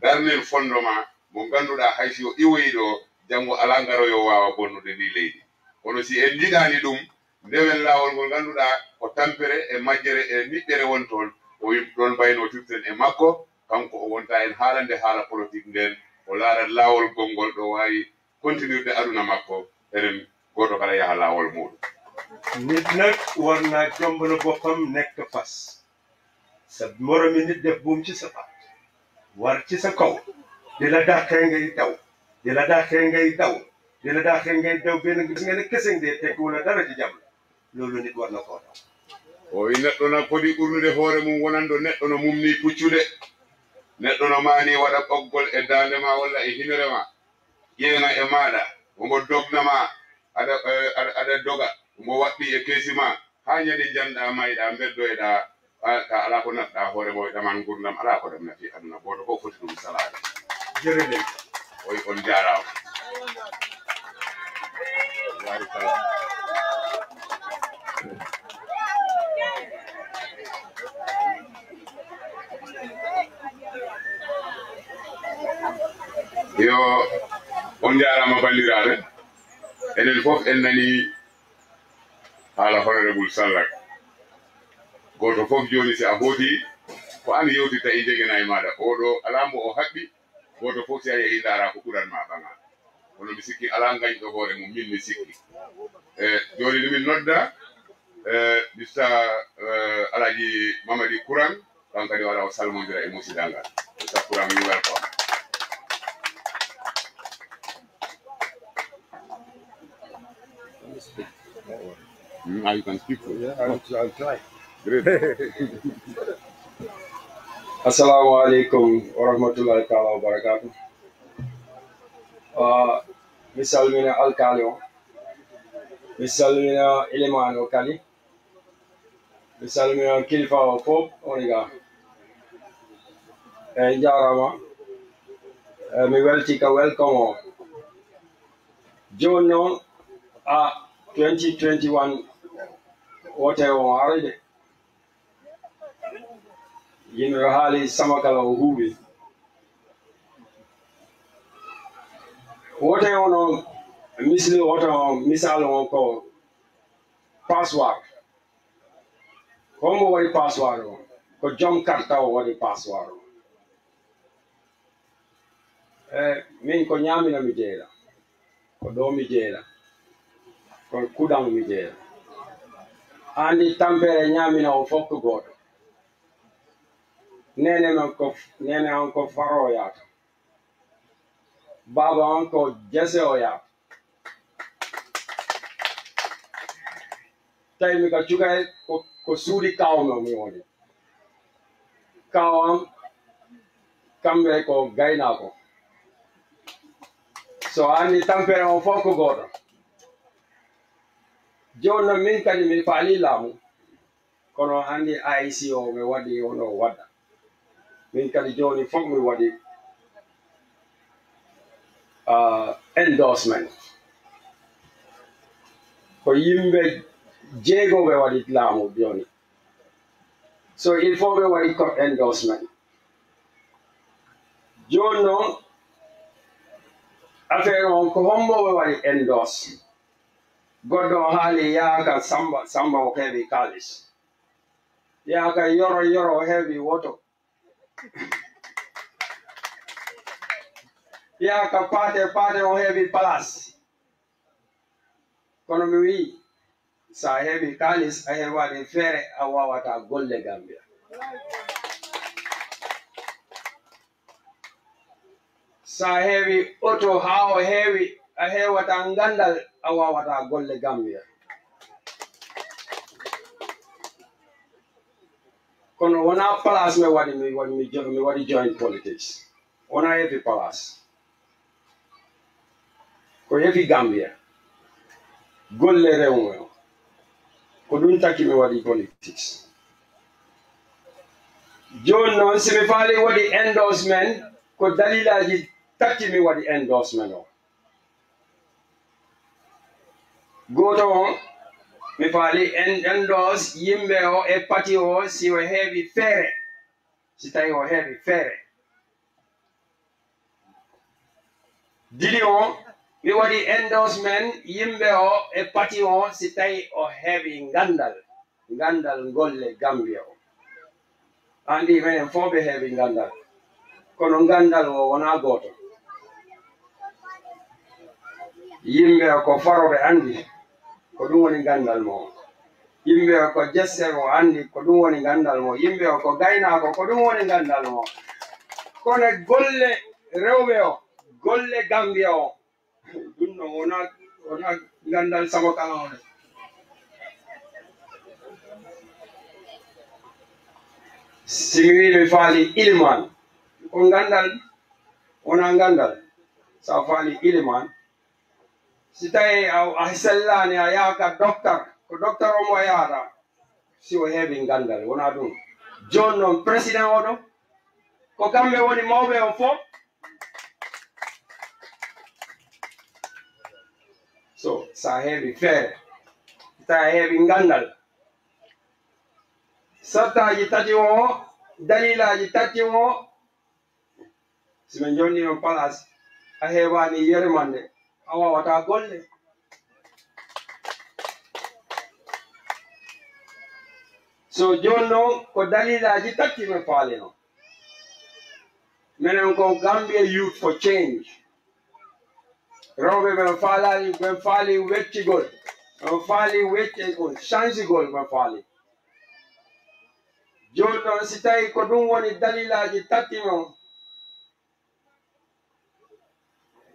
darnen fondo ma mo ganduɗa haysi o iwoyi ɗo janngo ala garoyo wawa bonnude ndi leydi kono si en jiɗani ɗum ndewen lawol ngol ganduɗa ko tampere e majjere e niɗɗere won toon o ɗon mbayno tirten e makko kanko o wonta en haala nde haala politique nden o laarat laawol gonngol ɗo waawi continuirde aduna makko eɗen gooto kala yaha laawol muɗum nit nag war naa boppam nekk fas sabmorami ni def bum ci sa fat war ci sa kaw di la daxee ngay daw di la daxee ngay daw di la daxee ngay daw benn gis nga ne kesing day tekk wala dara ci jam loolu nit war na koo daw ooyi neɗɗo na kodi ɓur nude hoore mum wonando neɗɗo no mum ni puccude neɗɗo no maani waɗa ɓoggol e daande ma walla e himere ma ƴeena e maaɗa omo dognama eh, aɗa aɗa doga omo waɗɗi e keesi ma haa ñade njanɗa mayɗa mbeddo e ɗaa ka ala ko naɗɗa hoore go e ɗaman gurdam ala ko ɗam nafi aduna goto fof foti ɗum salade on yo on jarama bandiraɓe enen foof en nani haala honorable sallak goto fof joni si a hooti ko an yewtitta e jeguena e maɗa oɗo ala o haɓɓi goto fof si a yehi dara ko ma ɓaga kono mi sikki ala ɗo hoore mum min mi sikki e eh, joni nomin nodda eh, mista eh, alaji mamadi kouran kan kadi wala o salmodira e musidal ngal mista kouran you welcome Mm, can speak for yeah, I'll, I'll try. Assalamualaikum, warahmatullahi ta'ala wabarakatuh. barakatuh. Uh, mi salmina alkali o mi salmina ilimano kali eh, eh, mi salmina kilifa o fof oniga eyi jarama uh, mi welcome o joni noon a 2021 wote o arede jenerali Samakala Uhuru. Wote ono misli wote ono misali ono ko password. Komo wari password ono. Ko jom karta wari password ono. Eh, min ko ñamina mi jeeɗa ko ɗo mi jeeɗa kon kuɗam andi tampere ñamina o fokko gooto nene man ko nene on ko faro yaata baba on ko jese o yaata tawi mi ka cukay ko, ko suudi kawno mi woni on am kamɓe ko ko so andi tampere on fof ko goto joni min kadi mi faali laamu kono andi aic o mi waɗi ono wada Intelligent informi waɗi endorsement ko yimɓe jeego ɓe waɗi laamu joni so il faut ɓe waɗi code endorsement joni noon affaire on ko hommoɓe waɗi endorse goɗɗo o haali yaaka samba samba o heewi kalis Yaka yoro yoro heavy water. pia kapate pate o hebi pass. kono mi wi sa hebi kalis a heɓaɗin feere a wawata golle gambia sa heewi oto haa o heewi a heewata nganndal a waawata golle gambiya palace wona wadi mi wadi mi join mi wadi join politics wona hefi place ko hefi gambia golle rewme o ko ɗum ki mi wadi politics John joni noon simi faali waɗi endorsement ko dalilaji tati mi waɗi endorsement o goto on mi faali en endos yimɓe o e pati o si o heeɓi feere si tawi o heeɓi feere dili o mi wadi endos men yimɓe o e pati o si tawi o heeɓi ngandal ngandal golle gambia o andi men fof ɓe heeɓi ngandal kono ngandal o wonaa gooto yimɓe ko farobe andi ko ɗum woni gandal mo o yimɓe o ko jessere o anndi ko ɗum woni gandal mo yimɓe o ko gaynaako ko ɗum woni gandal mo kono golle rewɓe o golle gambia o ɗum wona wona gandal sago kala one simiwiɗo faali iliman ko gandal wona gandal so faali iliman si tawi a sellani a yaaka doctar ko doctar omo yaata si o heeɓi ngandal wona ɗum joni noon président oɗo ko kamɓe woni mawɓe on fof so sa heeɓi feere ta heeɓi ngandal sattaji tati o o dalilaji tatti o o si min jonɗino palace a heewani yeremande àwọn àwàdà gọ́ọ̀lẹ̀. so jooni ko daliilaaji tati min faali noon minen kon gambia youth for change rewɓe min faalaali min faali weccigol min faali weccegol changegol min faali jooni noon si tawii ko ɗum woni daliilaaji tati noon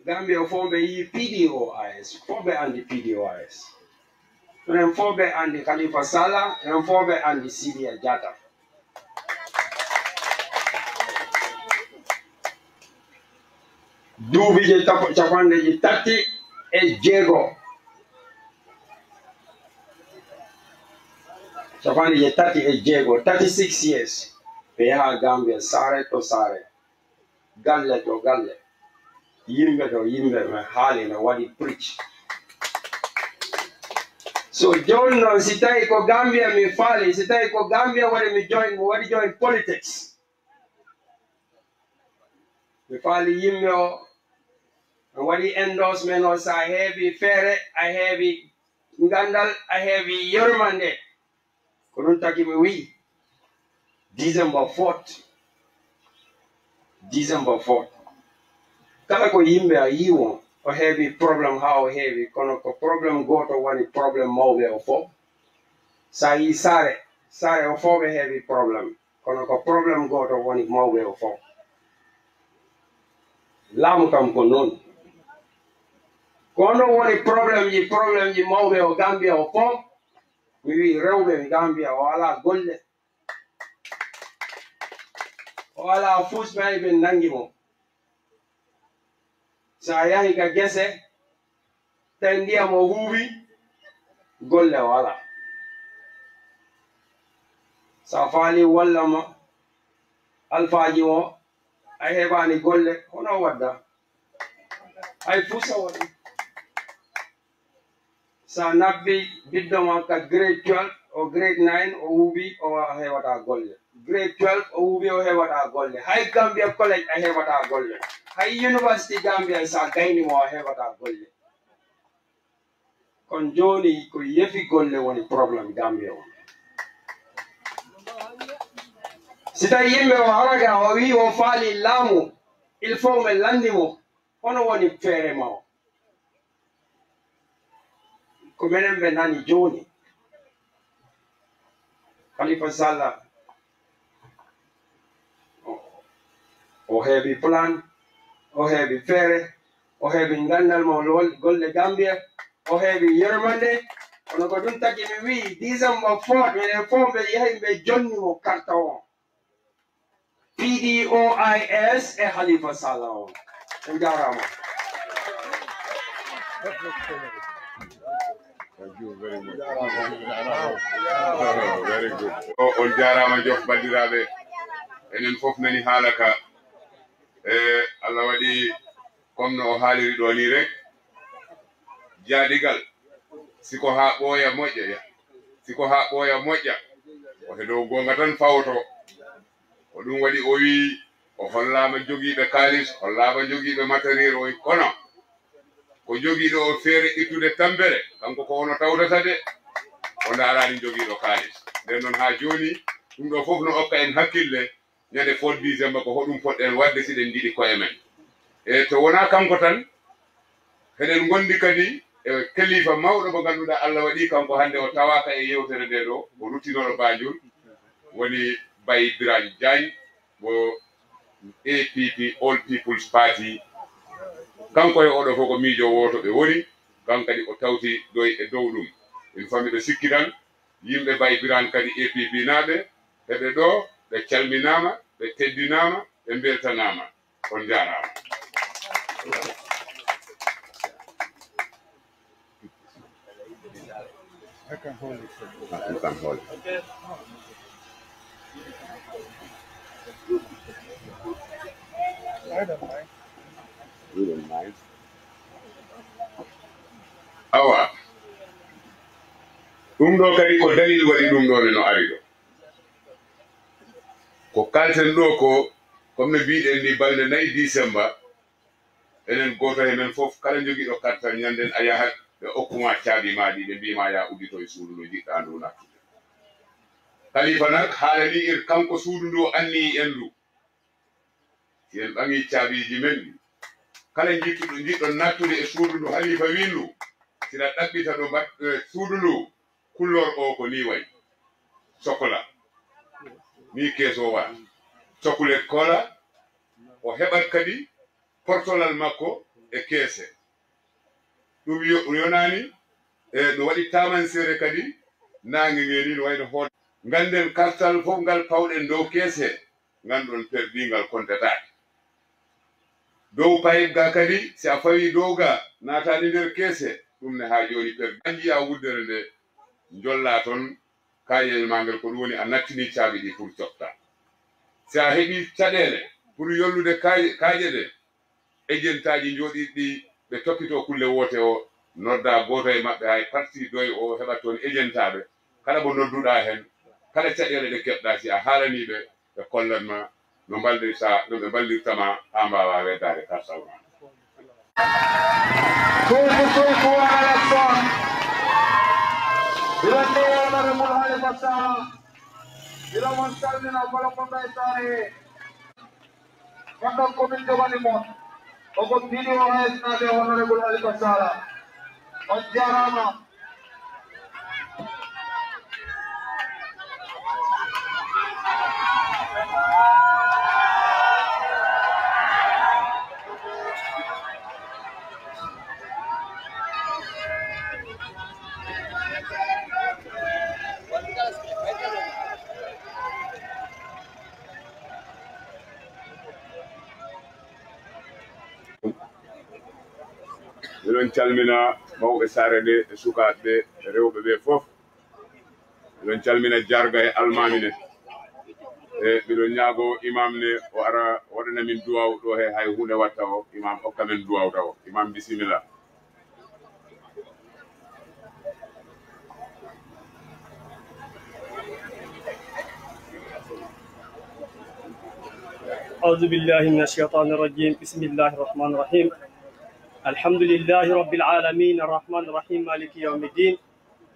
Gambia fombe yi PDOIs, fombe andi PDOIs. Ren fombe andi Khalifa Sala, ren fombe andi Sidia Jata. Duuɓi je capanɗe je tati e jeego capanɗe je tati e jeego tati years ɓe yaha gambia saare to saare galle to galle yimɓe to yimɓe ɓe haalino waɗi preach so John, noon si tawi ko gambia mi faali si tawi ko gambia waɗi mi join mi waɗi join politics mi faali yimɓe o mi waɗi endorsement o so a heewi feere a heewi ngandal a heewi yermande ko ɗum taki mi wii december fourth, december fourth. kala ko yimɓe a yiwo o heeɓi probléme haa o heewi kono ko probléme gooto woni probléme mawɓe o fof so a yii saare saare o fof ɓe heewi probléme kono ko probléme gooto woni mawɓe o fof laamu kam ko noon ko onon woni probléme ji probléme ji mawɓe o gambia o fof mi wii rewɓe gambia o alaa golle o alaa fuusɓe hay ɓe nanngi mo saya higa gese ta ndiyamo huuwi golle wala so faali wallamo alfaji o a heɓaani golle hono wadda hay fuu so waɗi so nabbi biddo ma ka grade twelve o grade nine o huuɓi o heɓataa golle grade twelve o huuɓi o heɓataa golle hay gambia college a heɓataa golle hai university gambia sa gayni mo heɓata golle kon joni ko yefi golle woni probléme gambia woni si tawi yimɓe o haraga o wi o faali laamu il faut me lanndi mo hono woni feere mao ko minen ɓe nani joni halifa sala o heeɓi plan o heɓi feere o heɓi ngandal mo golle gambia o heɓi yermande kono ko ɗum tagi mi wii disembo fond mine fond ɓe yahi ɓe jonni mo karta o pdois e halifa sala o e jarama o on jarama jof bandiraɓe enen foof nani haala ka eh, allah waɗi comme no o haaliri ɗo ni rek jaadigal siko haa ɓooya moƴƴa siko haa ɓooya moƴƴa oto dow goonga tan fawoto ko ɗum waɗi o wii o hollaama jogiiɓe kaalis hollaama jogiiɓe matériel o kono ko jogiiɗo o feere ittude tambere kanko ko wono tawdata de o ndaaraani jogiiɗo kaalis nden noon haa jooni ɗum ɗo fof no okka en hakkille ñande fol dixiéme ko hoɗum poɗɗen eh, wadde siɗen jiɗi koye men e eh, to wona kanko tan heɗen gondi kadi e eh, kelifa mawɗo mo ganduɗa allah waɗi kanko hannde o tawaka e yewtere nde ɗo o ruttinoɗo bajul woni bayi biran diagne mo app all people's party kanko e oɗo fof miijo woto ɓe woni kan kadi o tawti ɗoy e dow ɗum fami ɓe sikki tan yimɓe bayi biran kadi app naɓe heɓe ɗo ɓe calminama ɓe teddinama ɓe mbeltanama on jarama I can hold it. I can hold it. I don't mind. You don't mind. Awa. Ɗum ɗo kadi ko dalil waɗi ɗum ɗo ne no ari ɗo. ko kalten ɗo ko comme no mbiɗen ni balɗe nayi décembre enen goto he men fof kala jogiiɗo kartal ñanden a yahat ɓe okkuma caaɓi maɗi ɓe mbima ya udito e suudu ndu jiɗɗa ndu nattude kalifa nak haala ni ir kanko suudu ndu anni en ndu si en ɓangi caaɓiji men kala jiɗɗuɗo jiɗɗo nattude e suudu ndu halifa windu siɗa ɗaɓɓita ɗo mbat eh, suudu ndu kullor o ko ni way sokola mi keesowa cokule kola o heɓat kadi portolal makko e keese ɗum yonani e no waɗi tamansere kadi nangue ngeni no wayno hood ganden kartal fof ngal pawɗen dow keese ganduɗon perdingal kontatake dow payib ga kadi si a fawi dow ga natani nder keese ɗum ne ha joni perdi a wuddere nde jolla toon kayel ma ngel ko ɗum woni a nattini caagi ɗi pour cofta si a heɓi caɗele pour yollude kaaƴe ɗe ejentaji njooɗiɗ ɗi ɓe toppito kulle woote o nodda gooto e maɓɓe hay parti doye o heɓa toon ejentaɓe kala mo nodduɗa hen kala caɗele ɗe keɓɗa si a haraniɓe ɓe kollan ma no mballirta no ɓe mballirtama ha mbawa weddade karsal ma Bilang mantan di nafala pantai tani, mantap komit ke bani mon, pokok tini wahai tadi warna regulasi pasara, pasjarama. eɗen calmina mawɓe saare de e sukaaɓe ɓe e fof eɗen calmina jarga e almami ne e miɗon ñaago imam ne o ara waɗana min duwaw ɗo he hay hunde watta o imam hokka men duwaw taw imam bisimilla أعوذ بالله من الشيطان الرجيم بسم الله الرحمن الرحيم الحمد لله رب العالمين الرحمن الرحيم مالك يوم الدين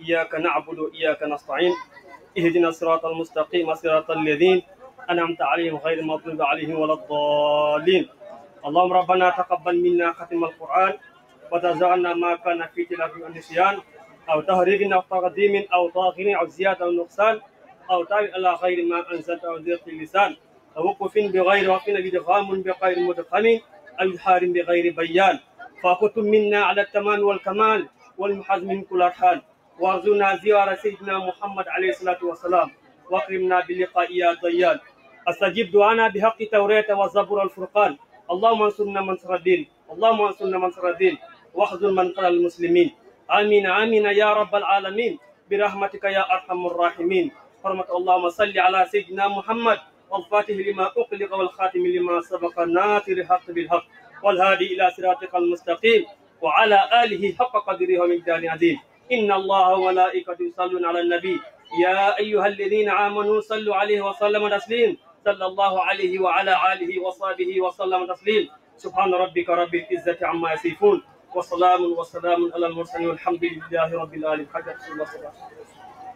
إياك نعبد وإياك نستعين اهدنا الصراط المستقيم صراط الذين أنعمت عليهم غير المغضوب عليهم ولا الضالين اللهم ربنا تقبل منا ختم القرآن وتزعلنا ما كان في تلاف النسيان أو تهريغنا أو تقديم أو طاغين أو زيادة أو نقصان أو تعب على غير ما أنزلت أو زيادة اللسان توقف بغير وقف بدغام بغير مدخن أو حارم بغير بيان فكنتم منا على التمام والكمال والمحز من كل الحال وارزونا زيارة سيدنا محمد عليه الصلاة والسلام واكرمنا باللقاء يا ضيال استجب دعانا بحق توراة والزبور الفرقان اللهم انصرنا منصر الدين اللهم انصرنا منصر الدين واخذل من قتل المسلمين امين امين يا رب العالمين برحمتك يا ارحم الراحمين حرمة اللهم صل على سيدنا محمد والفاتح لما اقلق والخاتم لما سبق الناصر حق بالحق والهادي إلى صراطك المستقيم وعلى آله حق قدره ومقدار عظيم إن الله وملائكته يصلون على النبي يا أيها الذين آمنوا صلوا عليه وسلموا تسليما صلى الله عليه وعلى آله وصحبه وسلم تسليما سبحان ربك رب العزة عما يصفون وسلام وسلام على المرسلين والحمد لله رب العالمين حتى رسول الله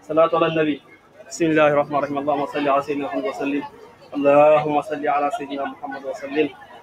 صلاة على النبي بسم الله الرحمن الرحيم اللهم صل على سيدنا محمد وسلم اللهم صل على سيدنا محمد وسلم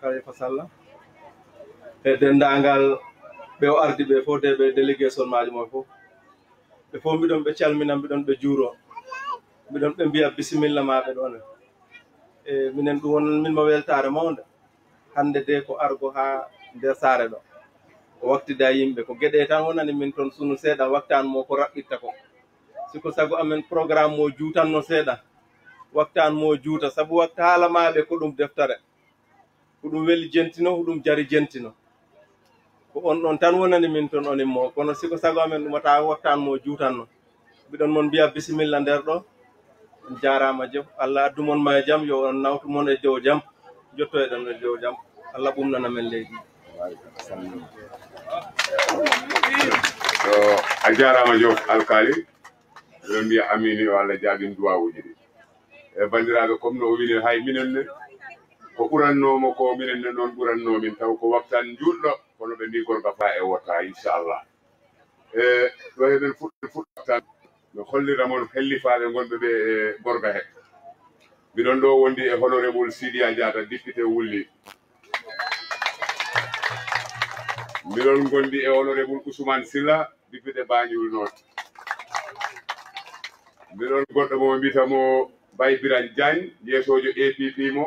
kalifa salla e dendangal ɓe o ardi ɓe fof de ɓe délégation maji mo fof ɓe fof mbiɗon ɓe calmina mbiɗon ɓe juuro mbiɗon ɓe mbiya bisimilla maɓe ɗon e minen ɗum won min mo weltare mawde hande de ko argo ha nde saare ɗo o waktida yimɓe ko gueɗe tan wonani min toon sunu seeɗa waktan mo ko raɓɓitta ko siko saago amen programme mo juutanno seeɗa waktan mo juuta saabu wakta haala maɓe ko ɗum deftere huɗum weli jentino huɗum jari jentino ko on ɗon tan wonani min toon onin mo kono siko sago amen ɗumata wattan mo juutanno mbiɗon moon mbiya bisimilla nder ɗo on jarama jom allah addumon ma e jaam yo on nawtu moon e dow jaam jotto eɗen e dow jaam allah ɓumnanamen leydi o a jarama jof alkali eɗon mbiya amini o allah jaaɗin duwawuji ɗi e bandiraɓe comme no o wini hay minen ne ko ɓurannomo ko minen ne noon ɓurannomin taw ko waktan juɗɗo kono ɓe ndigol ka fa e wota inchallah e ɗo heɗen fuɗɗe fuɗɗatan mi holliramon hellifaɓe gonɓe ɓe e gorga he mbiɗon ɗo wondi e honorable sidia diata député wulli mbiɗon gondi e honorable ousmane silla député bañul noon mbiɗon goɗɗo mo mbiyata mo bay biran diagne yeesojo app mo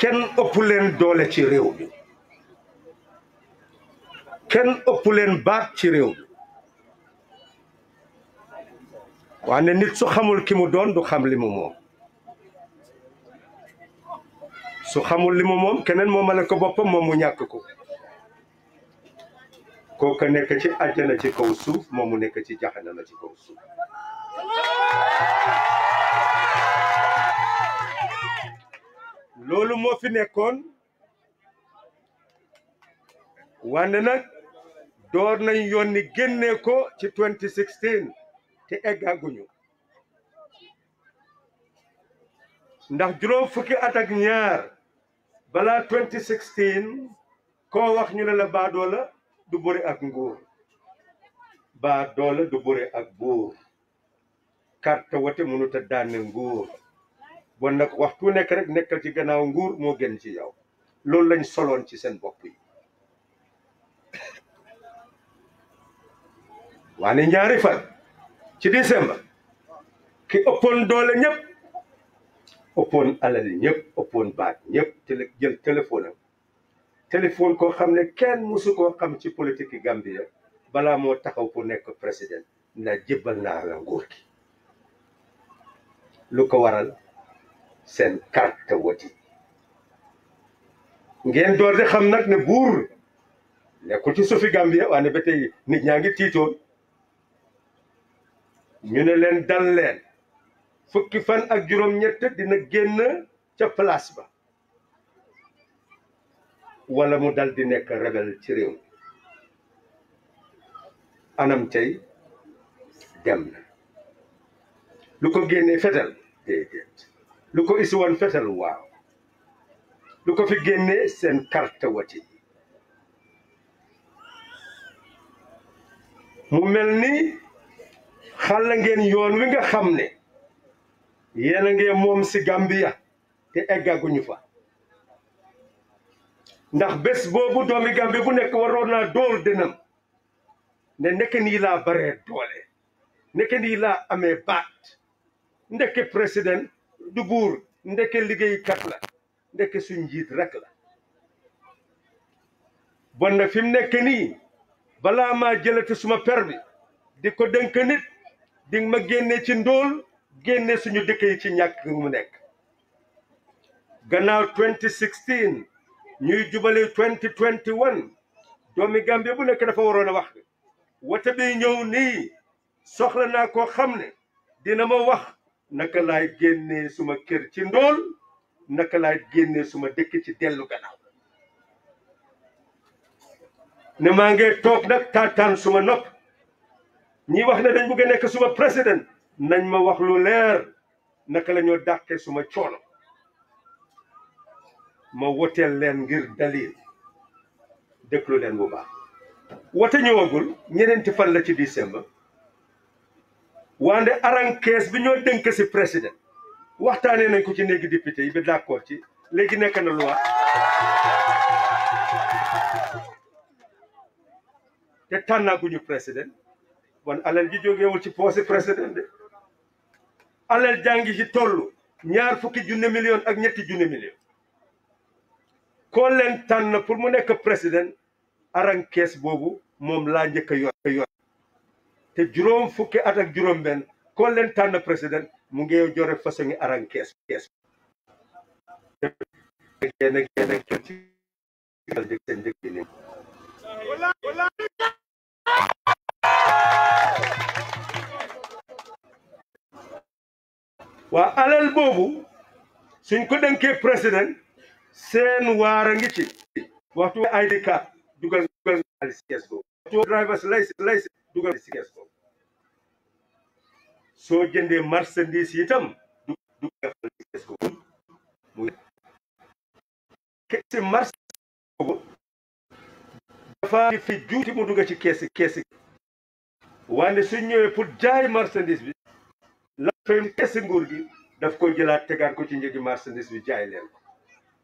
kenn ëpp leen doole ci réew bi kenn ëpp leen baat ci réew bi waane nit su xamul ki mu doon du xam li mu moom su xamul li mu moom keneen moo mën a ko boppam moom mu ñàkk ko kooka nekk ci àjjana ci kaw suuf moom mu nekk ci jaxana la ci kaw suuf loolu moo fi nekkoon wante nag door nañ yónni génnee ko ci 2016 te eggaguñu ndax juróom fukki at ak ñaar balaa 2016 ko wax ñu ne la baadoola du bëri ak nguur baadoola du bëri ak buur carte wote mënut a daane nguur bon nag waxtu nekk rek nekkal ci gannaaw nguur moo gën ci yow loolu lañ soloon ci seen bopp yi waane ñaari fan ci décembre ki ëppoon doole ñëpp ëppoon alali ñëpp ëppoon baat ñëpp télé jël téléphone am téléphone koo xam ne kenn mësu koo xam ci politique yi Gambia balaa moo taxaw pour nekk président na jébbal naa la nguur gi lu ko waral seen carte wati ngeen door di xam nag ne buur nekkul ci suufi Gambie waane ba tey nit ñaa ngi tiitoon ñu ne leen dal leen fukki fan ak juróom-ñett dina génn ca palaas ba wala mu dal di nekk rebel ci réew mi anam tey dem na lu ko génnee fetal déedéet lu ko isi woon fetal waaw lu ko fi génnee seen carte wati mu mel ni xàll ngeen yoon wi nga xam ne yéen a ngee moom si Gambia te eggaguñu fa ndax bés boobu doomi gàmbi bu nekk waroon naa dóor dënam ne nekk nii laa baree doole nekk nii laa amee baat ndekki président du buur ndeke liggéeykat la ndeke suñ njiit rek la bon na fi mu nekk nii balaa ma jëlati suma permis di ko dënk nit di ma génne ci ndóol génne suñu dëkk yi ci ñàkk mu nekk gannaaw 2016 ñuy jubale 2021 doomi Gambie bu nekk dafa waroon a wax wote bi ñëw nii soxla naa koo xam ne dina ma wax naka laay génne suma kër ci ndool naka laay génne suma dëkk ci dellu gannaaw ne maa ngi toog nag taataan suma nopp ñi wax ne dañ bëgg a nekk suma président nañ ma wax lu leer naka lañu ñoo dàqee suma coono ma woteel leen ngir dalil déglu leen bu baax wote ñëwagul ñeneenti fan la ci décembre wande arankees bi ñoo dénk si président waxtaanee nañ ko ci néegi député yi bi d'accord ci léegi nekk na loi te tànnaaguñu président bon alal ji jógeewul ci poosi président de alal jàngi ci toll ñaar fukki junne million ak ñetti junne million koo leen tànn pour mu nekk président arankees boobu moom laa njëkk a te juroom fukki at ak juroom benn koo leen tànn président mu ngi jore façon yi arang kees kees waa alal boobu suñ ko denkee président seen waara ngi ci waxtu ID card dugal dugal xaalis kees boobu waxtu drivers license dugal kees boobu soo jëndee marchandise itam du du nga fi juuti mu dugg ci keesi keesi wante si ñëwee pour jaay marchandise bi la fay keesi nguur gi daf koy jëlaat tegaat ko ci njëgi marchandise bi jaay leen ko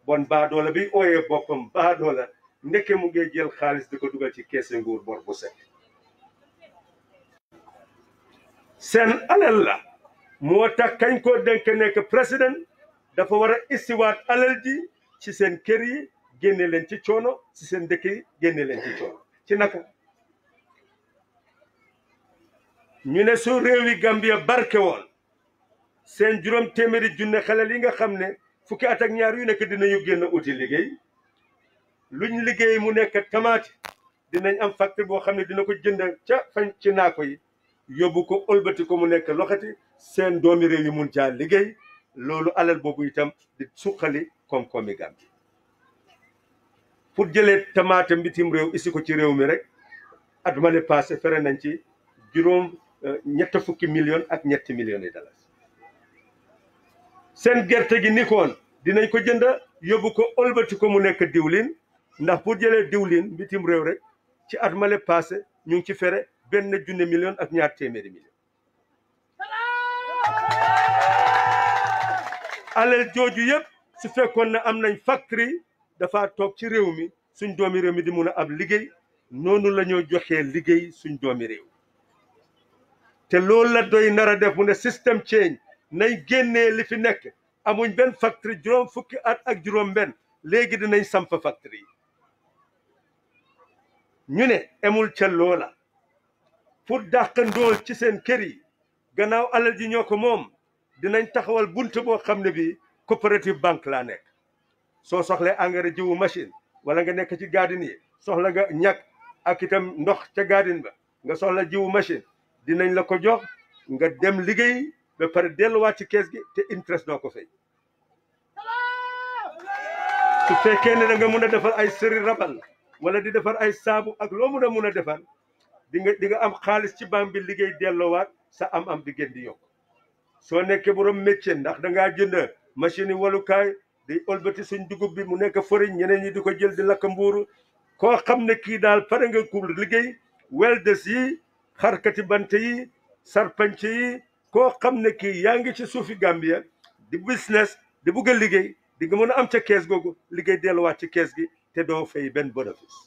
bon baadoola bi ooyee boppam baadoola ndekke mu ngi jël xaalis di ko dugal ci keesi nguur bor bu set seen alal la moo tax kañ koo dénk nekk président dafa war a istiwaat alal ji ci seen kër yi génne leen ci coono ci seen dëkk yi génne leen ci coono ci naka ñu ne su réewi Gambia barke woon seen juróom téeméeri junne xalal yi nga xam ne fukki at ñaar yu nekk dinañu génn uti liggéey luñ liggéey mu nekk tamaate dinañ am facture boo xam ne dina ko jënd ca fañ ci naako yi yóbbu ko ëlbati ko mu nekk loxati seen doomi réew yi mun caa liggéey loolu alal boobu itam di suqali koom-koomi Gàmbi pour jële tamaate mbitim réew isi ko ci réew mi rek at male ne fere nañ ci juróom eh, ñett fukki million ak ñetti millions yi dalasi seen gerte gi nikoon dinañ ko jënd yóbbu ko ëlbati ko mu nekk diwlin ndax pour jëlee diwlin mbitim réew rek ci at male ne passé ñu ngi ci fere benn junne million ak ñaar téeméeri million alal jooju yëpp su fekkoon na am nañ factory dafa toog ci réew mi suñ doomi mi di mun a ab liggéey noonu la ñoo joxee liggéey suñ doomi réew te loolu la doy nar a def mu ne système change nañ génnee li fi nekk amuñ benn factory juróom fukki at ak juróom benn léegi dinañ samp factory ñu ne emul ca loola pour dàqandool ci seen kër yi gannaaw alal ji ñoo ko moom dinañ taxawal bunt boo xam ne bi coopérative banque laa nekk soo soxlee engrais jiwu machine wala nga nekk ci garden yi soxla ga ñàkk ak itam ndox ca garden ba nga soxla jiwu machine dinañ la ko jox nga dem liggéey ba pare delluwaat ci kees gi te interest doo ko fay su fekkee ne da nga mun a defar ay sëri rabal wala di defar ay saabu ak loo mun a mun a defar di nga di nga am xaalis ci baam bi liggéey delloowaat sa am-am di gën di yokk soo nekkee borom métier ndax da ngaa jënd machine yi walukaay di olbati suñ dugub bi mu nekk fëriñ ñeneen yi di ko jël di lakk mbuuru koo xam ne kii daal pare nga kuul liggéey weldes yi xarkati bant yi sarpanc yi koo xam ne kii yaa ngi ci suufi Gambia di business di bugg a liggéey di nga mën a am ca kees googu liggéey delluwaat ci kees gi te doo fay benn bénéfice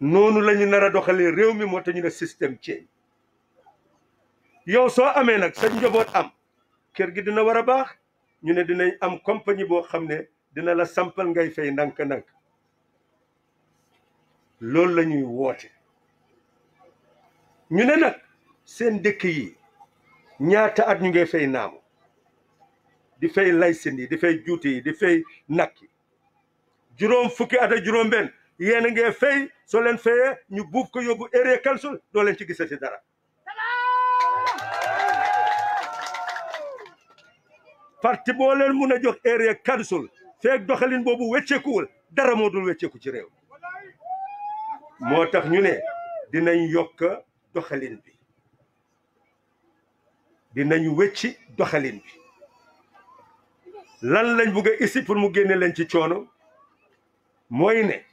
noonu lañu nar a doxalee réew mi moo tax ñu ne système change yow soo amee nag sa njaboot am kër gi dina war a baax ñu ne dinañ am compagnie boo xam ne dina la sampal ngay fay ndànk-ndànk loolu la ñuy woote ñu ne nag seen dëkk yi ñaata at ñu ngay fay naamu di fay laysin yi di fay juuti yi di fay nakki juróom fukki at ak juróom benn yéen a ngee fay soo leen fayee ñu buub ko yóbbu area council doo leen ci gisati dara parti boo leen mun a jox area council feeg doxalin boobu wécceekuwul dara moo dul wécceeku ci réew moo tax ñu ne dinañ yokk doxalin bi dinañu wécci doxalin bi lan lañ bugg a mu génne leen ci coono mooy ne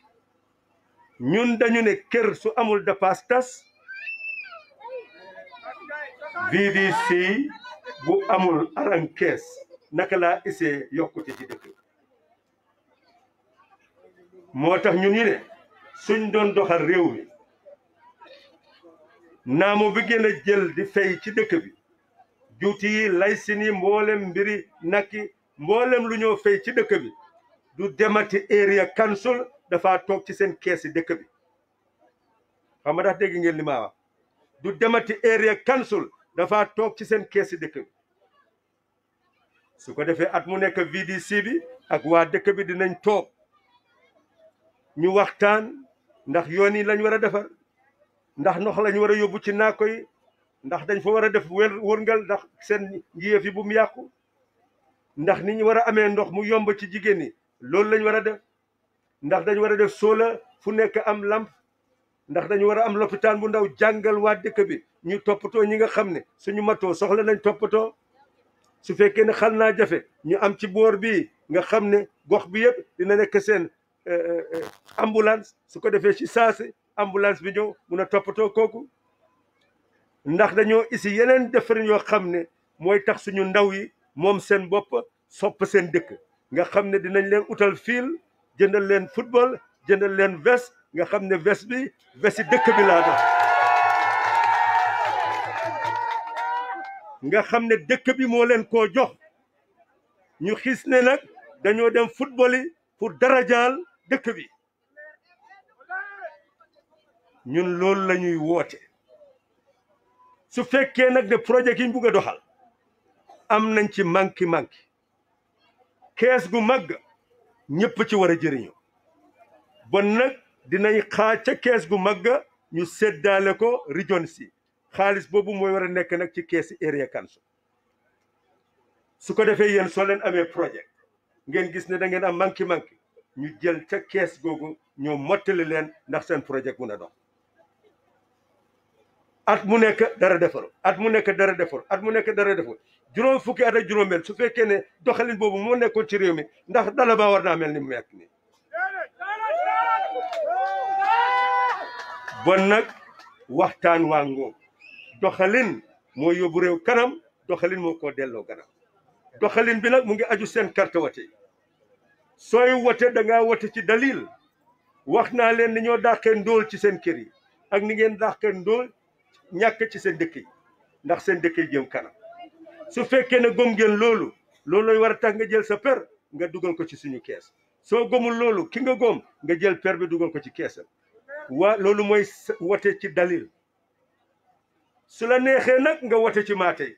ñun dañu ne kër su amul dapaas tas VDC bu amul arankees naka la essayé yokkute ci dëkk moo tax ñu ne suñ doon doxal réew mi naamu bi gën a jël di fay ci dëkk bi juuti lay si ni mboolem mbiri nakki mboolem lu ñoo fay ci dëkk bi du demati area council dafa toog ci seen keesi dëkk bi xam nga ndax dégg ngeen li ma wax du demati area council dafa toog ci seen keesi dëkk bi su ko defee at mu nekk VDC bi ak waa dëkk bi dinañ toog ñu waxtaan ndax yoon yi lañ war a defar ndax ndox lañ war a yóbbu ci naako yi ndax dañ fa war a def wër wërngal ndax seen njiyeef yi bu mu yàqu ndax ni ñu war a amee ndox mu yomb ci jigéen ñi loolu lañ war a def ndax dañu war a def sola fu nekk am lamp ndax dañu war a am lopitaan bu ndaw jàngal waa dëkk bi ñu toppatoo ñi nga xam ne suñu matoo soxla nañ toppatoo su fekkee ne xal naa jafe ñu am ci boor bi nga xam ne gox bi yëpp dina nekk seen eh, eh, eh, ambulance su ko defee ci saasi ambulance bi ñëw mun a toppatoo kooku ndax dañoo isi yeneen defarin yoo xam ne mooy tax suñu ndaw yi moom seen bopp sopp seen dëkk nga xam ne dinañ leen utal fiil jëndal leen football jëndal leen wes nga xam ne veste bi veste yi dëkk bi laa def nga xam ne dëkk bi moo leen koo jox ñu xis ne nag dañoo dem football yi pour darajaal dëkk bi ñun loolu la ñuy woote su fekkee nag ne projet yi ñu bugg doxal am nañ ci mànki manki kees gu màgg ñëpp ci war a jëriñu bon nag dinañ xaa ca kees gu mag ñu seddaale ko région si xaalis boobu mooy war a nekk nag ci kees area council su ko defee yéen soo leen amee projet ngeen gis ne dangeen ngeen am manki manki ñu jël ca kees googu ñoo mottali leen ndax seen projet mun a dox at mu nekk dara defaru at mu nekk dara defaru at mu nekk dara defaru juróom fukki at ak juróom benn su fekkee ne doxalin boobu moo nekkoon ci réew mi ndax dala ba war naa mel ni mu nekk nii bon nag waxtaan waa doxalin moo yóbbu réew kanam doxalin moo ko delloo kanam doxalin bi nag mu ngi aju seen carte wote yi sooy wote da wote ci dalil wax naa leen ni ñoo dàqee ndóol ci seen kër yi ak ni ngeen dàqee ndóol ñàkk ci seen dëkk ndax seen dëkk yi jëm kanam su fekkee ne gom ngeen loolu loolu war a tax nga jël sa per nga dugal ko ci suñu kees soo gëmul loolu ki nga gëm nga jël per bi dugal ko ci keesam waa loolu mooy wote ci dalil su la neexee nag nga wote ci maatey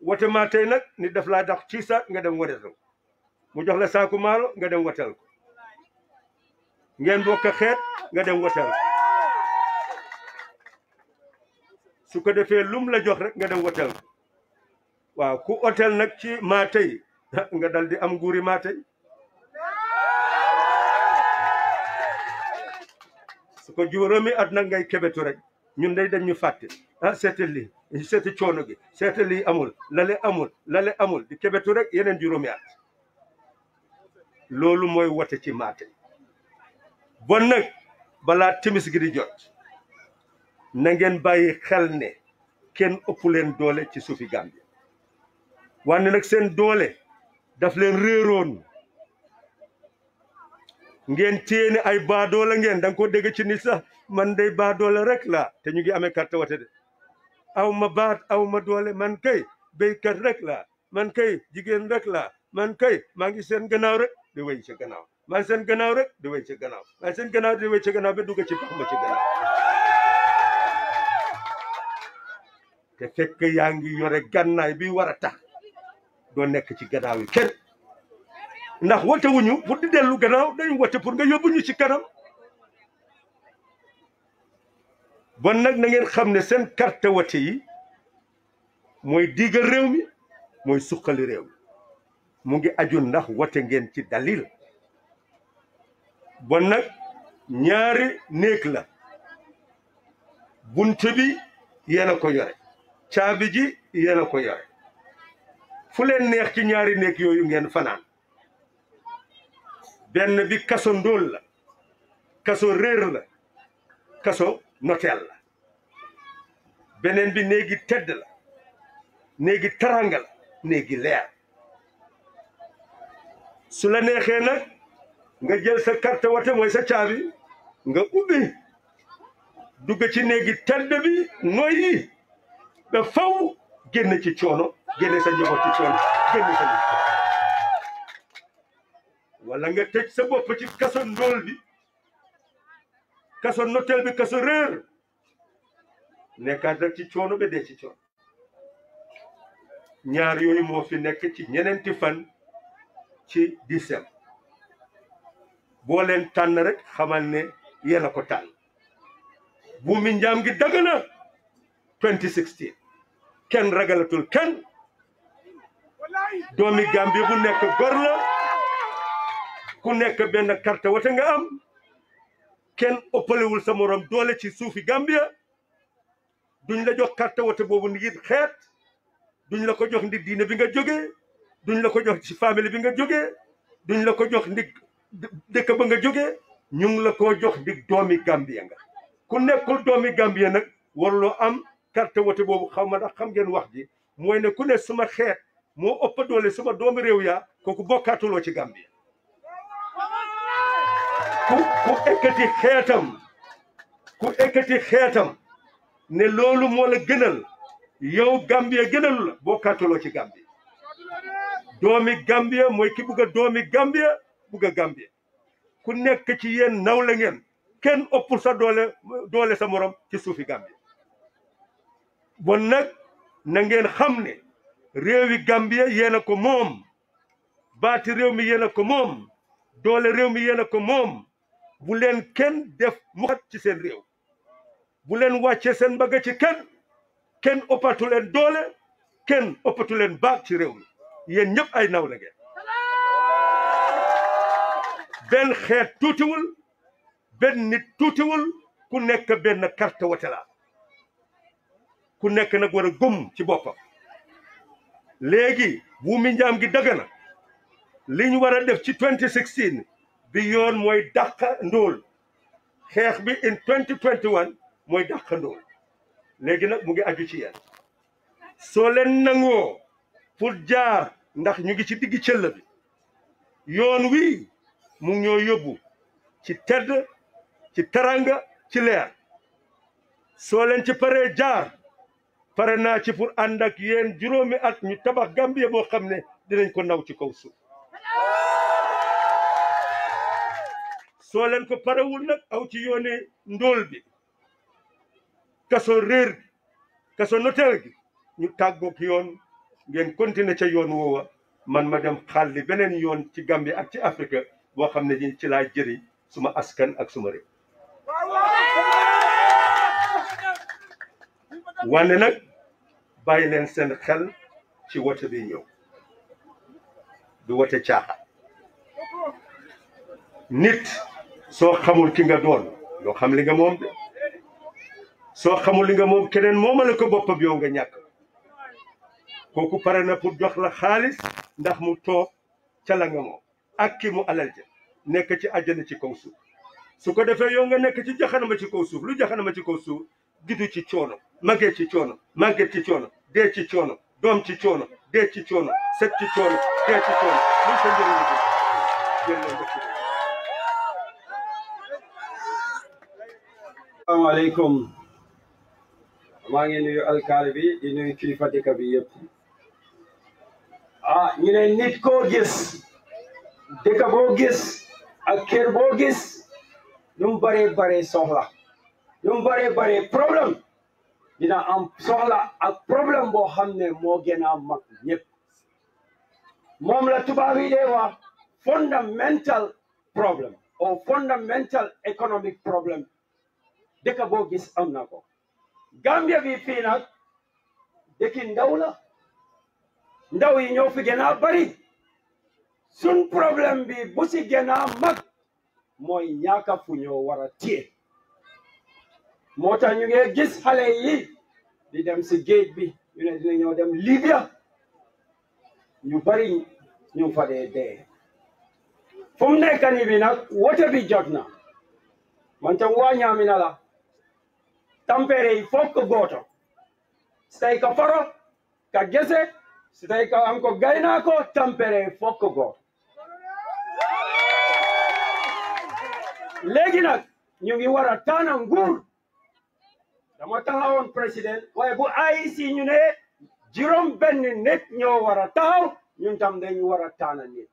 wote maatey nag ni daf laa dax ci sa nga dem wotetal mu jox la saaku maalo nga dem wotel ngeen bokk xeet nga dem wotel su ko defee lum la jox rek nga dem wotel waaw ku otel nag ci Maatay nga dal di am nguuri Maatay su ko juróomi at nag ngay kebetu rek ñun day dañ ñu fàtte ah seetal lii seeti coono gi seetal lii amul lale amul lale amul di kebetu rek yeneen juróomi at loolu mooy wote ci Maatay bon nag balaa timis gi di jot na ngeen bàyyi xel ne kenn ëpp leen doole ci suufi Gambie wante nag seen doole daf leen réeroon ngeen téene ay baadoola ngeen da nga ko dégg ci ni sax man day baadoola rek laa te ñu ngi amee carte wate de aw ma baat aw ma doole man kay béykat rek laa man kay jigéen rek laa man kay maa ngi seen gannaaw rek di wéy ci gannaaw maa ngi seen ganaaw rek di wéy ci gannaaw maa ngi seen gannaaw di wéy ci gannaaw ba dugg ci pax ma ci gannaaw te fekk yaa ngi yore gànnaay bi war a tax doo nekk ci gannaaw yi kenn ndax wote wuñu pour di dellu gannaaw dañu wote pour nga yóbbuñu ci kanam bon nag na ngeen xam ne seen carte wote yi mooy diigal réew mi mooy suqali réew mi mu ngi aju ndax wote ngeen ci dalil bon nag ñaari néeg la bunte bi yéen ko yore caabi ji yéen ko yore fu leen neex ci ñaari néeg yooyu ngeen fanaan benn bi kaso ndóol la kaso réer la kaso noteel la beneen bi néegi tedd la néegi taranga la néegi leer su la neexee nag nga jël sa carte wate mooy sa caabi nga ubbi dugg ci néegi tedd bi noyyi ba faw génn ci coono génne sa njaboot ci tool wala nga tëj sa bopp ci kaso ndóol bi kaso notel bi kaso réer nekkaat rek ci coono ba dee ci coono ñaar yooyu moo fi nekk ci ñeneenti fan ci dix-sept boo leen tànn rek xamal ne yéen a ko tànn bu mi njaam gi dagg na 2016 kenn ragalatul kenn domi Gàmbi bu nek gor la ku nek ben carte wote nga am opale wul sa morom dole ci soufi Gambia duñ la jox carte wote bobu ngir xet duñ la ko jox ndig diine bi nga joge duñ la ko jox ci family bi nga joge duñ la ko jox ndig dëkk ba nga joge ñu la ko jox ndig domi Gambia nga ku nekul domi Gambia nak warlo am carte wote bobu xaw ma xam ngeen wax ji moy ne ku ne suma xet moo ëpp doole sama doomi réew yaa kooku bokkaatuloo ci Gambia ku ku ekkati xeetam ku ekkati xeetam ne loolu moo la yow Gambia gënalu la bokkaatuloo ci Gambia doomi Gambia mooy ki bugg a doomi Gambia bugg a ku nekk ci yéen naw la ngeen kenn ëppul sa doole doole sa morom ci suufi Gambia bon nag na ngeen xam ne réew réewi Gambie yéen a ko moom baati réew mi yéen a ko moom doole réew mi yéen a ko moom bu leen kenn def mu xat ci seen réew bu leen wàccee seen mbagg ci kenn kenn ëppatu doole kenn ëppatu leen baag ci réew mi yéen ñëpp ay nawle ngeen benn xeet tuutiwul benn nit tuutiwul ku nekk benn carte wote la ku nekk nag war a gëm ci boppam léegi buumi njaam gi dëgg na li ñu war a def ci 2016 bi yoon mooy dàq ndóol xeex bi in 2021 mooy dàq ndóol léegi nag mu ngi aju ci yéen soo leen nangoo pour jaar ndax ñu ngi ci digg cëll bi yoon wi mu ngi ñoo yóbbu ci tedd ci teranga ci leer soo leen ci paree jaar pare naa ci pour ànd ak yéen juróomi ak ñu tabax gàmbie boo xam ne dinañ ko naw ci kaw su soo leen ko parewul nag aw ci yooni ndóol bi kaso réer gi kaso notel gi ñu tàggoog yoon ngeen continuer ca yoon woowa man ma dem xàlli beneen yoon ci Gambie ak ci Afrique boo xam ne ci laa jëri suma askan ak suma réew wante nag bàyyi leen seen xel ci wote bi ñëw du wote caaxaan nit soo xamul ki nga doon yoo xam li nga moom de soo xamul li nga moom keneen moomale ko boppam yow nga ñàkk kooku pare na pour jox la xaalis ndax mu toog ca la nga moom ak ki mu alal nekk ci àjjana ci kaw suuf su ko defee yow nga nekk ci jaxanama ci kaw suuf lu jaxanama ci kaw suuf gidu ci coono màgget ci coono màgget ci coono dee ci coono doom ci coono dee ci coono set ci coono dee ci coono muy sa njëriñ la jël leen ba ci asalaamaaleykum maa ngi nuyu alkaali bi di nuyu kilifa dëkk bi yëpp ah ñu ne nit koo gis dëkk boo gis ak kër boo gis lu mu baree baree soxla lu mu baree baree problème dina am soxla ak problème boo xam ne moo gën a mag ñëpp moom la tubaab yi fundamental problème or fundamental economic problème dëkk boo gis am na ko Gambia bi fii nag ndaw la ndaw yi ñoo fi gën bari sun problème bi bu si gën mag mooy ñaaka fu ñoo war a moo tax ñu ngi gis xale di dem si géej bi ñu ne dina ñoo dem Libya ñu bari ñu fa dee dee fu mu nekk bi nag wote bi jot na man tam waa ñaamina la tampere yi fokk gooto si tay ka faro ka gese si tay ka am ko gaynaa ko tampere yi fokk gooto léegi nag ñu ngi war a taana nguur dama taxawoon président waaye bu AIC ñu ne juróom benn nit ñoo war a taxaw ñun tam dañu war taana nit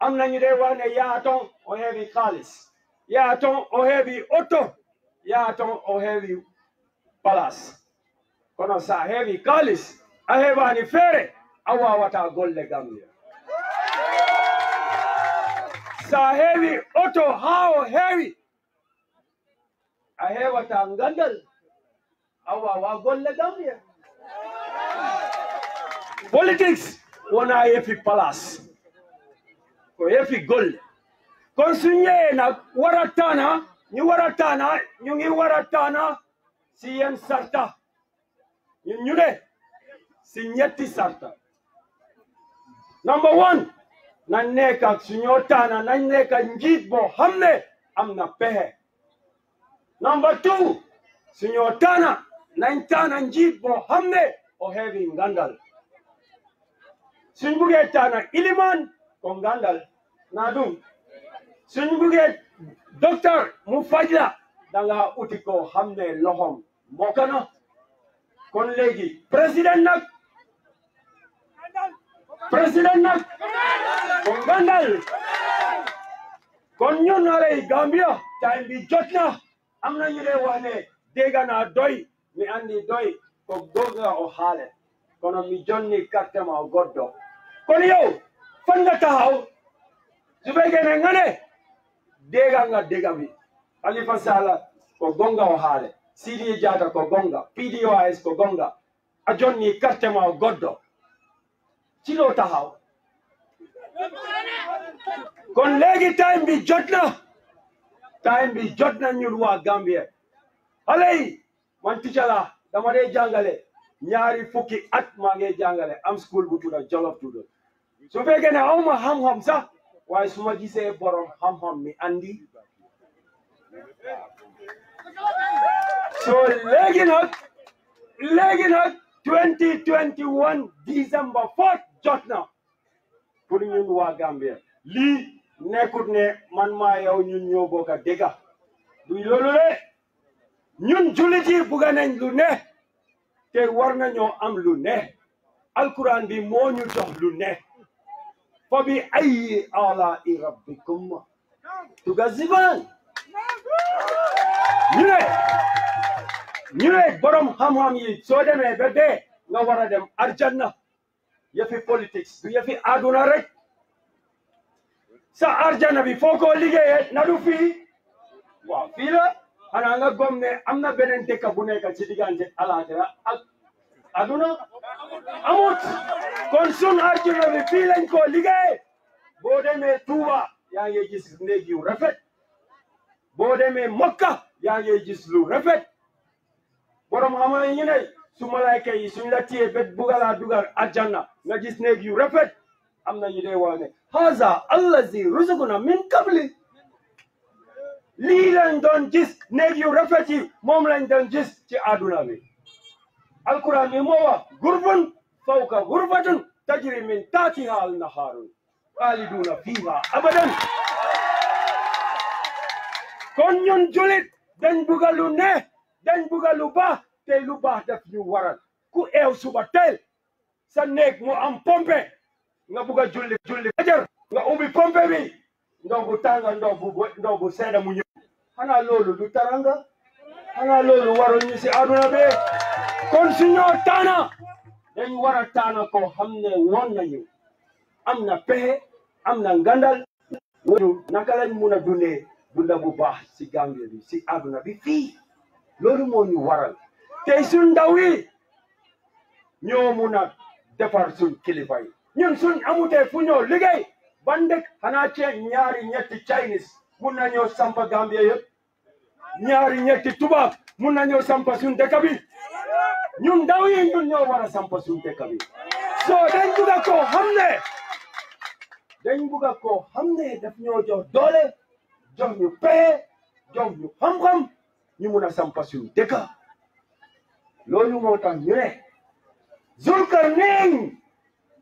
am nañu dee wax ne yaaton o heewi xaalis yaaton o heewi oto yaaton o heewi palace. kono so a heewi xaalis a heewaani feere a waawataa golle Gambia so a heewi oto haa o heewi a ngandal our, our God let down here. Politics, one IFP palace. IFP gold. Konsunye na waratana, ni waratana, nyungi waratana, siyen sarta. Nyune, sinyeti sarta. Number one, na neka sunyotana, na neka njit bohamne, amna pehe. Number two, sunyotana, nañ taana njiit boo xam o heewi ngandal suñ buggee taana iliman ko ngandal naa dum suñ buggee docteur mu faj danga uti koo xam ne loxom mokkana kon léegi président nag président nag ko ngandal kon ñun alay Gambia time bi jot na am na ñu lay wax ne naa doy mi anndi doy ko goga o haale kono mi jonni carte ma o goɗɗo kono fannga tahaw subegene ŋane degal nga degami halifa sala ko gonga o haale sidi jata ko gonga pdos ko gonga a jonni carte ma o goɗɗo cilo tahaw kon léegi time bi jot na bi jot na ñun waa Gambie xale man teacher la dama dee jàngale ñaari fukki at maa ngi jàngale am school bu tudda Jolof tudda su fekkee ne awma xam-xam sax waaye su ma gisee borom xam-xam mi andi so léegi nag léegi nag 2021 December 4 jot na pour ñun waa Gambia lii nekkut ne man maa yow ñun ñoo du loolu ñun jullit yi bugg nañ lu ne te war nañoo am lu ne alquran bi moo ñu jox lu ne fa bi ayyi alaa'i rabbikum tukazzibaan ñu ne ñu ne borom xam-xam yi soo demee ba dee nga war a dem arjanna yëfi politique du yëfi àdduna rek sa arjanna bi foo ko liggéeyee na du fii waaw fii la xanaa nga gom ne am na beneen tekka bu nekk ci diggante alaxira ak aduna amut kon sun àdduna bi fii lañ ko liggéey boo demee Tuuba yaa ngi gis néeg yu rafet boo demee Mokka yaa ngi gis lu rafet borom xamaa ñu ne su malaayka yi suñ la téye bet bugalaa dugal aljanna nga gis néeg yu rafet am na ñu dee wax ne min qabli Lilan lañ doon gis néeg yu rafet yi moom lañ doon gis ci àdduna bi alquran bi moo wax gurfun fawka gurbatun tajri min taatiha al nahaarun xaaliduuna fiiha abadan kon ñun julit dañ buga lu ne dañ buga lu baax te lu baax daf ñu waral ku eew suba teel sa néeg mu am pompe nga buga julli julli fajar nga ubbi pompe bi ndox bu tàng ndox bu bu mu ñëw xanaa loolu du taranga xanaa loolu waroon ñu si aduna be kon suñoo taana dañ war taana koo xam ne woon nañu am na pexe am na ngandal wadu naka lañ mun a dundee dunda bu baax si Gambie bi si aduna bi fii loolu moo ñu waral tey suñ ndaw yi ñoo mun defar suñ kilifa yi ñun suñ amutee fu ñoo liggéey ban dëkk xanaa cee ñaari ñetti Chinese mun na ñoo sampa Gambia yëpp ñaari ñetti tubaab mun na ñoo sampa suñ dëkk bi ñun ndaw yi ñun ñoo war a sampa suñ dëkk bi soo dañ bugga koo xam ne dañ bugga koo xam ne daf ñoo jox doole jox ñu paye jox ñu xam-xam ñu mun a sampa suñ dëkk loolu moo tax ñu ne Zulkarnayn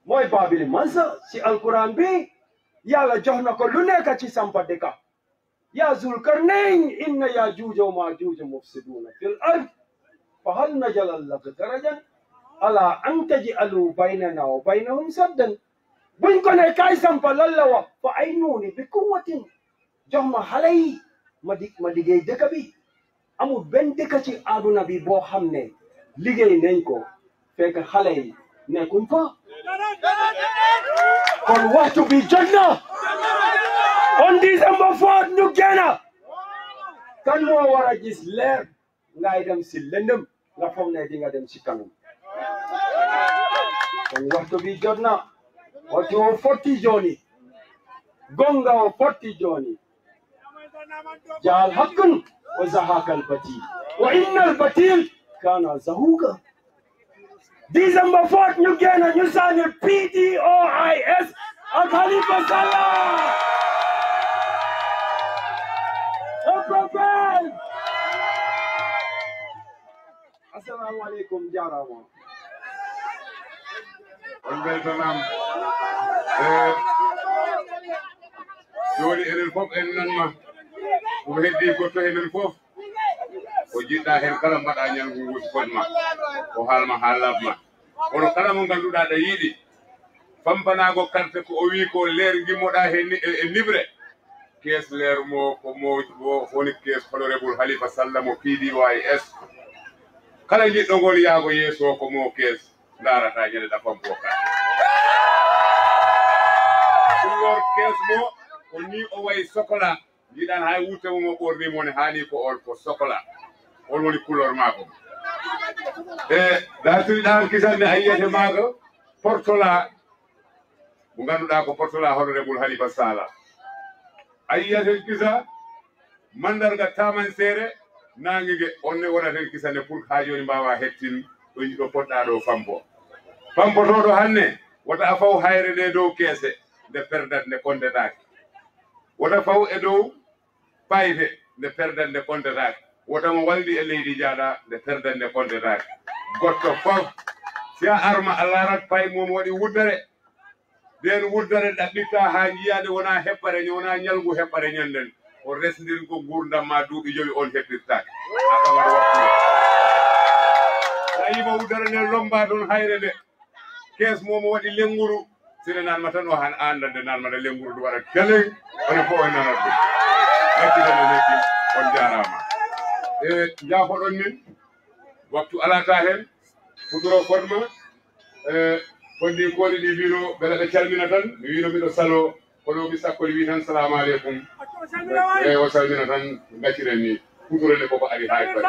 mooy Baabili Mansa ci alquran bi yàlla jox na ko lu nekk ci sampa dëkk يا ذو القرنين إن ياجوج وماجوج مفسدون في الأرض فهل نجل لك درجا على أن تجعلوا بيننا وبينهم سدا بنكون كايسا فللوا فأينوني بقوة جمع حلي ما ديجي دكبي امو بن دكتي ادو نبي بو boo xam ne liggéey حلي نكون فا xale yi بجنه on December fourth, New génn can moo war a gis leer ngay dem si lëndëm nga foog ne di nga dem si kanam kon waxtu bi jot na waxtu woo fotti jooni gonga woo fotti jooni jaal haqqun wa zahaka albatil wa inna albatil kana zahuka December 4 ñu génn ñu saani PDOIS ak Halifa Sallah assalamu aleykum jarama on beltanam e, joni enen foof en nanma ɗum heddi ko tohemen foof ko jiɗɗa hen kala mbaɗa ñango wuti fotma ko haalma ha labma kono kala mo ngannduɗa ɗa yiiɗi fampanago karte ko o wi ko leer gimmoɗa e nibre e kees leer mo ko mo woni kees honorable halifa sallah mo piiɗi wa s kala jiɗɗo ngol yaago yeeso o ko mo kees ndaarata ñande ɗafam ko ɗumor kees mo ko ni o wayi sokola jiɗan hay wutemo mo ɓorni mon haani ko on ko sokola on woni couleur maako e datiriɗan kisanne a yiyete maako portola mo ngannduɗaa ko portola honorable halifa sala a yiyete kisa mandarga taman seere nangi ge onne wonaten kisane pour ha joni mbawa hettin ɗoyiɗo poɗɗa ɗo fambo fambotoɗo hanne wota faw hayre nde dow keese nde perdat nde kondetake wota faw e dow payte nde perdat nde kondetake wotamo waldi e leydi jaaɗa nde perdat nde kondetake gotto fof si a arma a larat pay mum waɗi wuddere nden wuddere ɗaɓɓitta ha jiyade wona heɓɓare ni wona ñalgu heɓɓare ñanden o resdirgo gurdam ma duuɓi joyi on heɓɓirtaake tayima udara nde lomba ɗon hayre nde kees momo waɗi lenguru sine nanma tan o han anda nde nanmaɗa lenguru ɗo waɗa kele ona fo on nanat ɗum accitane leki on jarama e jafoɗon min waktu alata hen fuduro fodma e fondi kooli ɗi mbino beɗaɗa calmina tan mi wino mbiɗo salo kono mi sakkoli wi tan salamu aleykum e o salmina tan gaccireni kutorene koko ari ha fay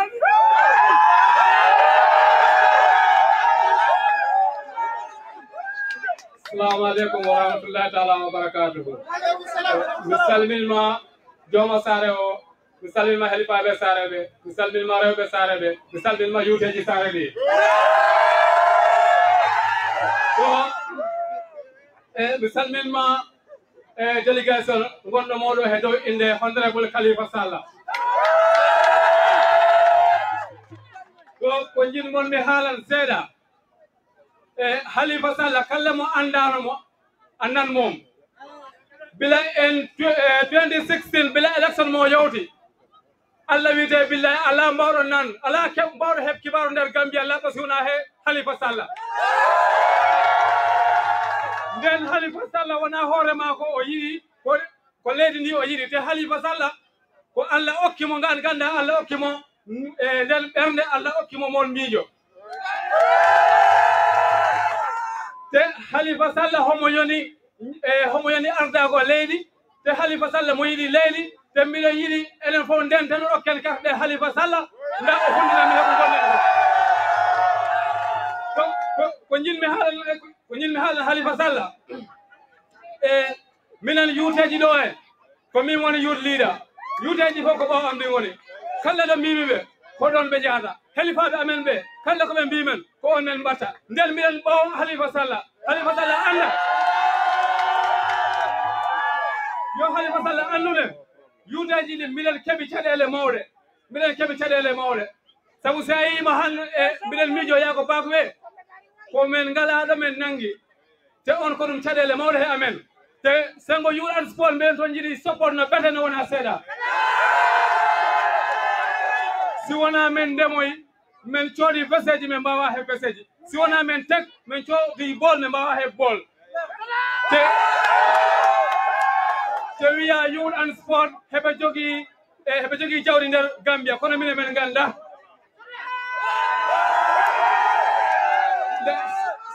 assalamu aleykum wa rahmatullahi taala wa barakatuhu mi salminma jooma saare o mi salminma helifaɓe saare ɓe mi salminma rewɓe saare ɓe mi salminma yuuteji saare ɗi mi salminma e délégation gonɗo moɗo he dow inde honorable kalifa sall to ko jinmon mi haalan seeɗa e halifa sall kala mo andanomo anan mom bila en 2016 e bila élection mo yawti allah wiite billahi ala mbawɗo nan ala mbawɗo heɓ kibaru nder gambie alla pasque wona he halifa sall den halifa salla wona hoore maako o yiɗi ko leedi ni o yiɗi te halifa salla ko alla okki mo ngal ganda alla okki mo e den bernde alla okki mo mon miijo te halifa salla homo yoni e homo yoni ko leedi te halifa salla mo yidi leedi te mbiɗen yiɗi enen fof den tan okken karɓe halifa salla nda o fondinan mi heɓo gonɗen ko jinmi haalaa ñin mi haala halifa salla e minen yuuteji ɗo en ko min woni youth leader yuuteji fof ko ɓaw am ɗin woni kala ɗo mbimi ɓe hoɗon ɓe jahata halifaɓe amen ɓe kala koɓe mbimen ko onnen mbatta nden mbiɗen ɓaw halifa salla halifa salla anda yo halifa salla anduɗen yuuteji ɗi mbiɗen keɓi caɗele mawɗe mbiɗen keɓi caɗele mawɗe sabu so a yima han e mbiɗen miijo yaako baako ɓe komin ngalaɗo men nangi te on ko ɗum caɗele mawɗo he amen te sengo yuran spol mbiyen toon jiɗi sopporno bete no wona seeɗa si wona men ndemoy min cooɗi veseji min mbawa he veseji si wona min tek min cooɗi bol min mbawa he bol te te wiya yul an sport heɓe jogui e heɓe jogui jawdi nder gambia kono mine men ganda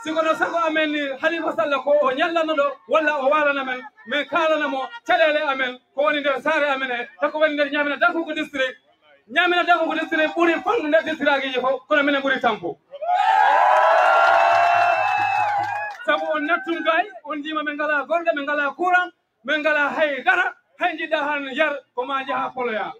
sigono sago amen ni halifa salla ko o ñallana ɗo walla o walana men min kalana mo caɗele amen ko woni nder saare amen he tako woni nder ñamina dankuko district ñamina dankuko district ɓuuri fanɗu nder district agiji fof kono minen ɓuuri tampo sabu on nattum gay on jima min ngala golɗe min ngala courant min ngala hay hay jiɗɗa han yar ko ma jaha poloya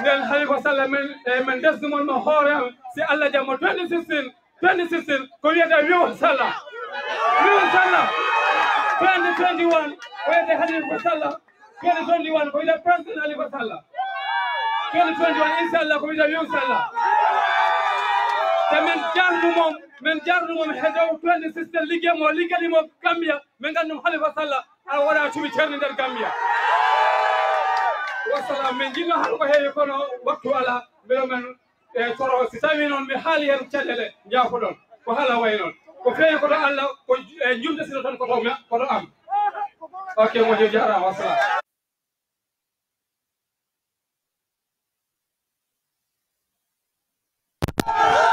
nden halifa sallah men eyi min desdumon mo hoore am si allah jammo 2016 2016 ko wiyete wiwo sallah wiwo sallah 2021 ko wiyete halifa sallah 2021 ko wiyete président halifa sallah 2021 inchallah ko wiyete wiwo sallah te min jardu moom min jardu moom hedow 2016 ligguey mo liggali mo gambiya min ganndum halifa sallah a waɗa cuɓi ceerni nder gambiya wasala min jilla hakko heewi kono waktu ala mbele men e toro si tawi noon mi haali hen caɗele jaafo ɗon ko haala way noon ko feewi koto allah ko jumde sino tan koto koto am ok moƴo jarama wassalam Oh!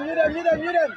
miren, miren, miren,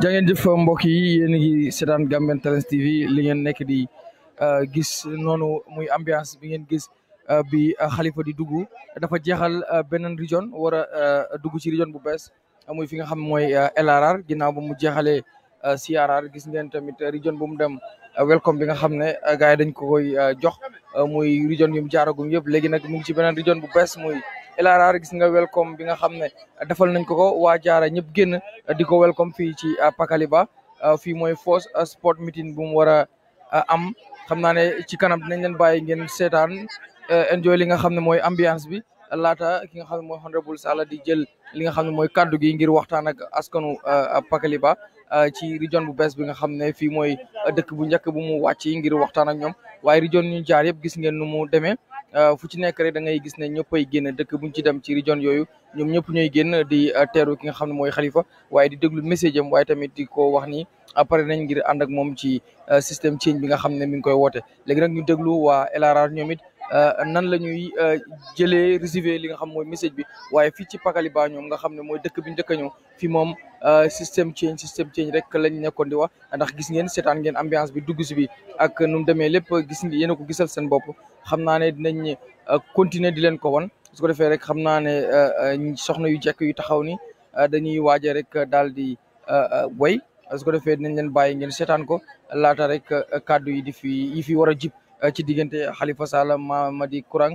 jaa jëf mbokk yi yéen a ngi seetaan TV li ngeen nekk di euh, gis noonu muy ambiance bi ngeen gis euh, bi euh, Halifa di dugg dafa jeexal beneen région wara a dugg ci région bu bees muy fi nga xam mooy LRR ginnaaw mu jeexale jeexalee CRR gis ngeen tamit région bu mu dem welcome bi nga xam ne gars yi dañ ko koy jox muy région yu mu jaaragum yëpp léegi nag mu ngi ci beneen région bu bees muy. ila rar gis nga welcome bi nga xamne ne defal nañ ko ko wa jaara ñep genn di welcome fi ci euh, Pakaliba euh, fi moy force euh, sport meeting bu mu wara am xamna ne ci kanam dinañ leen baye ngeen seetaan enjoy li nga xamne moy ambiance bi lata ki nga xamne moy honorable Sala di jël li nga xamne moy mooy gi ngir waxtaan ak askanu Pakaliba ci region bu bes bi nga xamne fi moy dekk bu ñak bu mu wacc ngir waxtaan ak ñom waye region ñu jaar yeb gis ngeen nu mu demee Euh, fu ci nekk rek da ngay gis ne ñëppay génn dëkk buñ ci dem ci région yooyu ñoom ñëpp ñooy génn di euh, teeru ki nga xam ne mooy xalifa waaye di déglu message am tamit di ko wax ni après nañ ngir ànd ak moom ci euh, système change bi nga xam ne mi ngi koy woote léegi nag ñu déglu waa LRR ñoom it nan la ñuy jëlee recevoir li nga xam mooy message bi waaye fii ci Pakaliba ñoom nga xam ne mooy dëkk bi ñu dëkk ñëw fi moom Euh, système change système change rek lañ nekkoon di wax ndax gis ngeen seetaan ngeen ambiance bi duggu si bi ak nu mu demee lépp gis ngeen yéen a ko gisal seen bopp xam naa ne dinañ euh, continuer di leen ko won su ko defee rek xam naa ne euh, soxna yu jekk yu taxaw ni dañuy waaje rek daal di way su ko defee dinañ leen bàyyi ngeen seetaan ko laata rek kàddu yi di fi yi fi war a jib ci diggante Halifa Sallah madi Kurang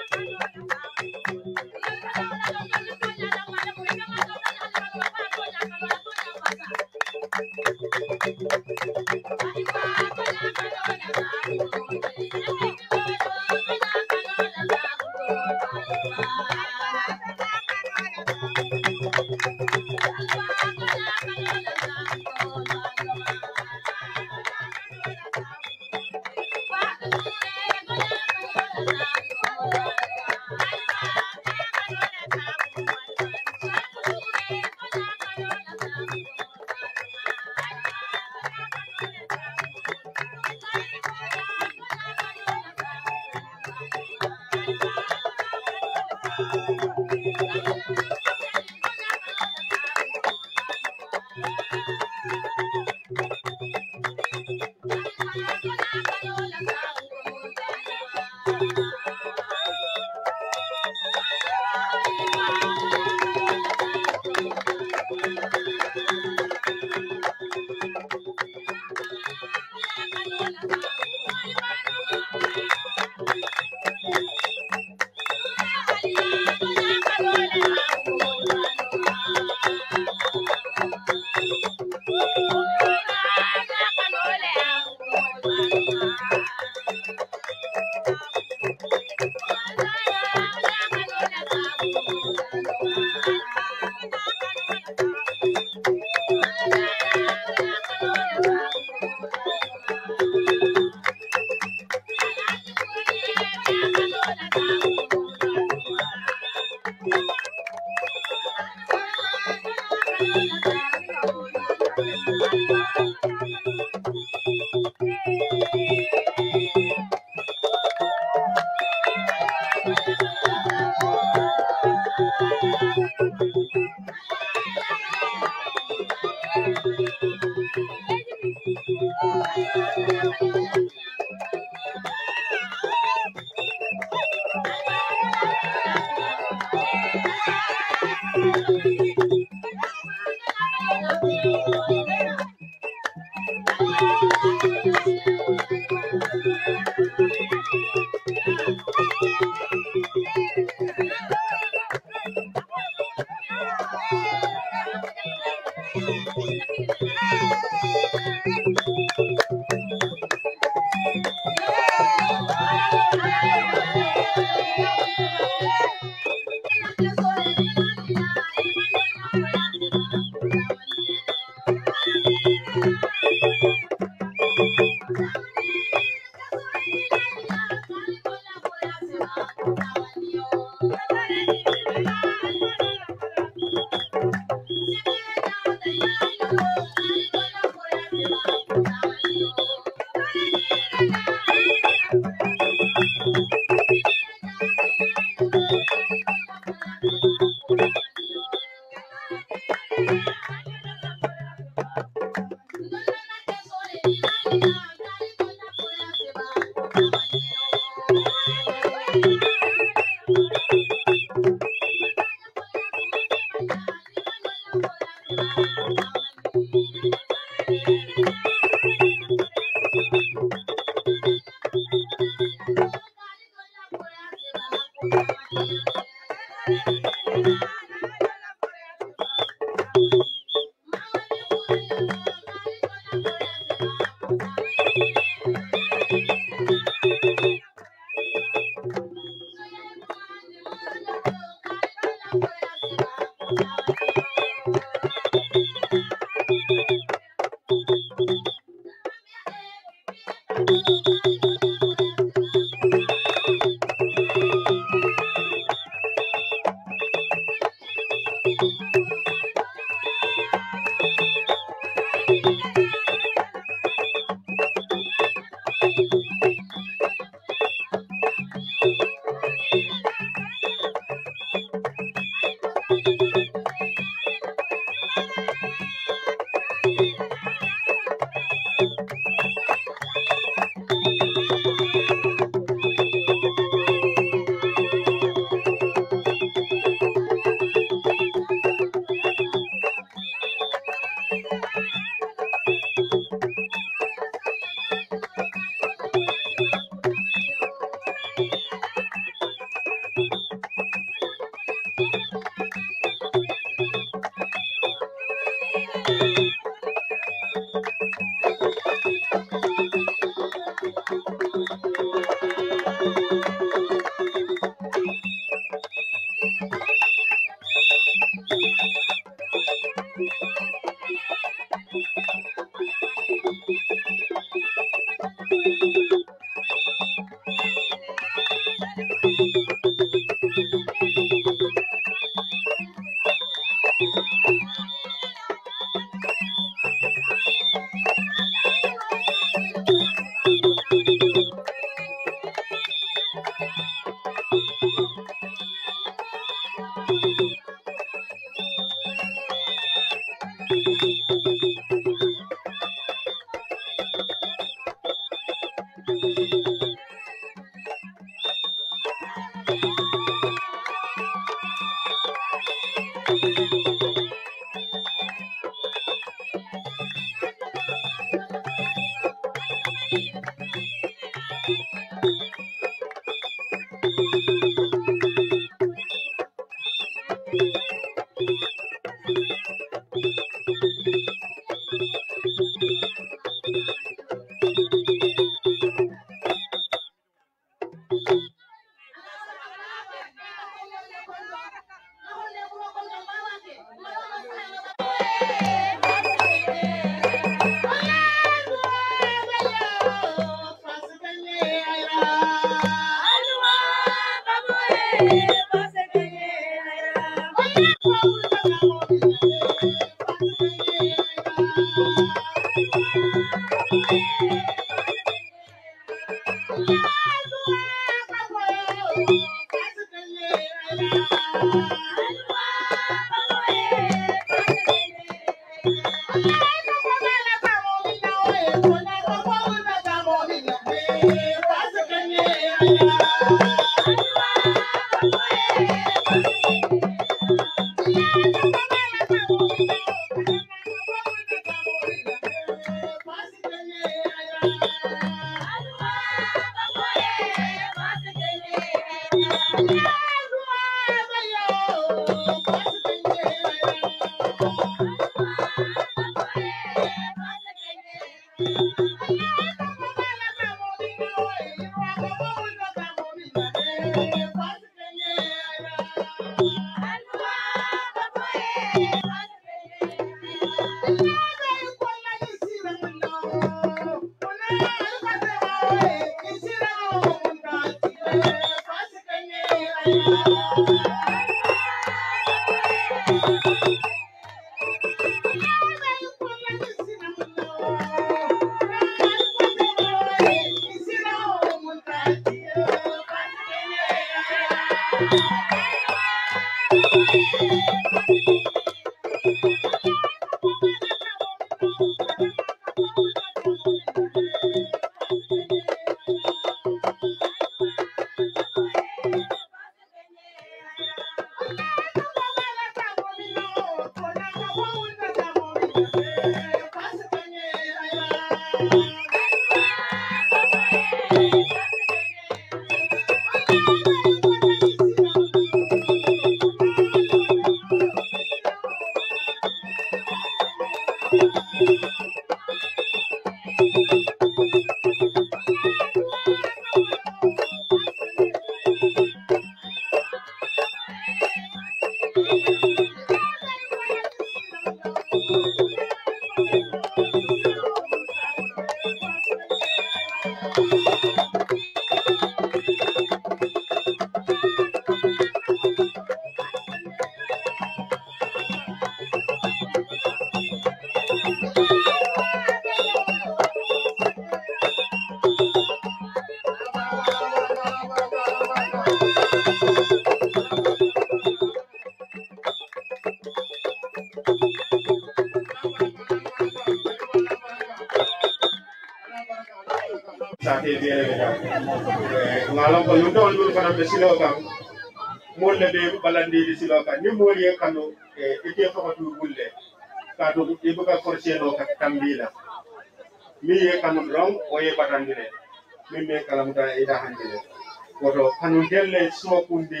ndelle suwa kundi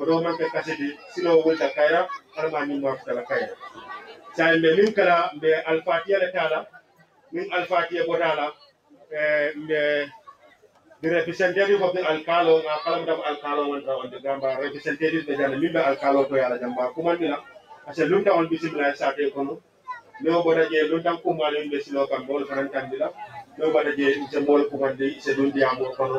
oɗo manke kasidi silo wolta kayra alama min maftala kayra saye mbe min kala mbe alfatiya le tala min alfatiya botala eh, mbe the representative of the alkalo nga kalamdam alkalo wonta on de gamba representative ɓe jane min ɓe alkalo to yala jamba kumandira ase lunta on bisimila sate kono ne o bota je luntan kummalo yimɓe silo kamɓe wol fanan kandila o bota je ise mool kumande ise dundiyamol kono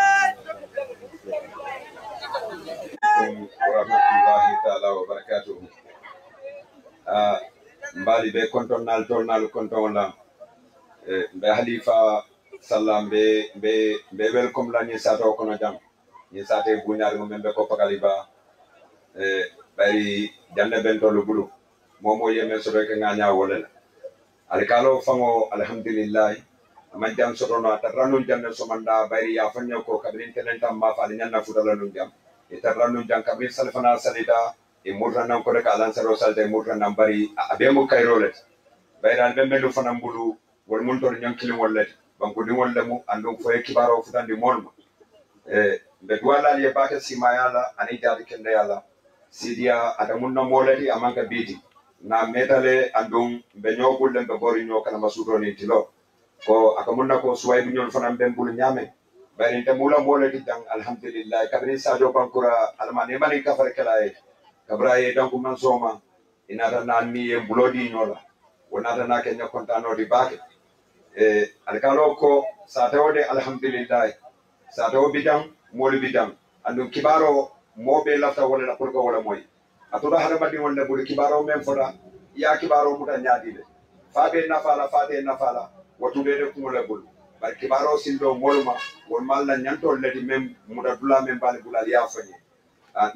warahmatullahi taala ah, mbali barakatuhu mbaali nal kontonnal tonnal kontonlam mbe e, halifa salla mbe mbe mbe welcome la ñin sato kono jam ñin sate guñaari mo men ko pakali ba ɓayi e, jande bentolu bulu momo yemen soto ke ŋaña wolela ali kalo fango alhamdulillahi ama sorono sotono tarranu jam ne somanda bayri ya fanyo ko kabrin telenta ma fali na futala nun jam e tarranu jam kabrin salfana salida e murra nan ko ka alan saro salde murra nan bari abe mo kayrole bayran be melu fanan bulu wol mun tor nyankilin wolle banko di wolle mu andon foye kibaro futandi molma e be duwala ye baka simayala ani jadi kende yala sidiya adamun na di amanka bidi na metale andon be nyobulle be bori nyokana masuro ni tilo ko akamunda ko suwayi buñol fanam ben bulu ñame bayri te mula mole di jang alhamdulillah kabri sa jo bankura almani mari kafar kalaye kabraye donc man soma ina ta nan mi e bulodi ñola wona ta na kenya kontano di bake e eh, alkalo ko sa tawde alhamdulillah sa taw bidam mole bidam andum kibaro mobe lafta wala la purko wala moy atoda hada badi wala kibaro men foda ya kibaro muta nyaadi de faabe nafala fabe nafala watulede kuŋola bulu bari kibaaroo sindoo moolu ma wolu maal la ñantoolu le ti meŋ muta dulaa meŋ baali bulu ali ye a ah, fo ñe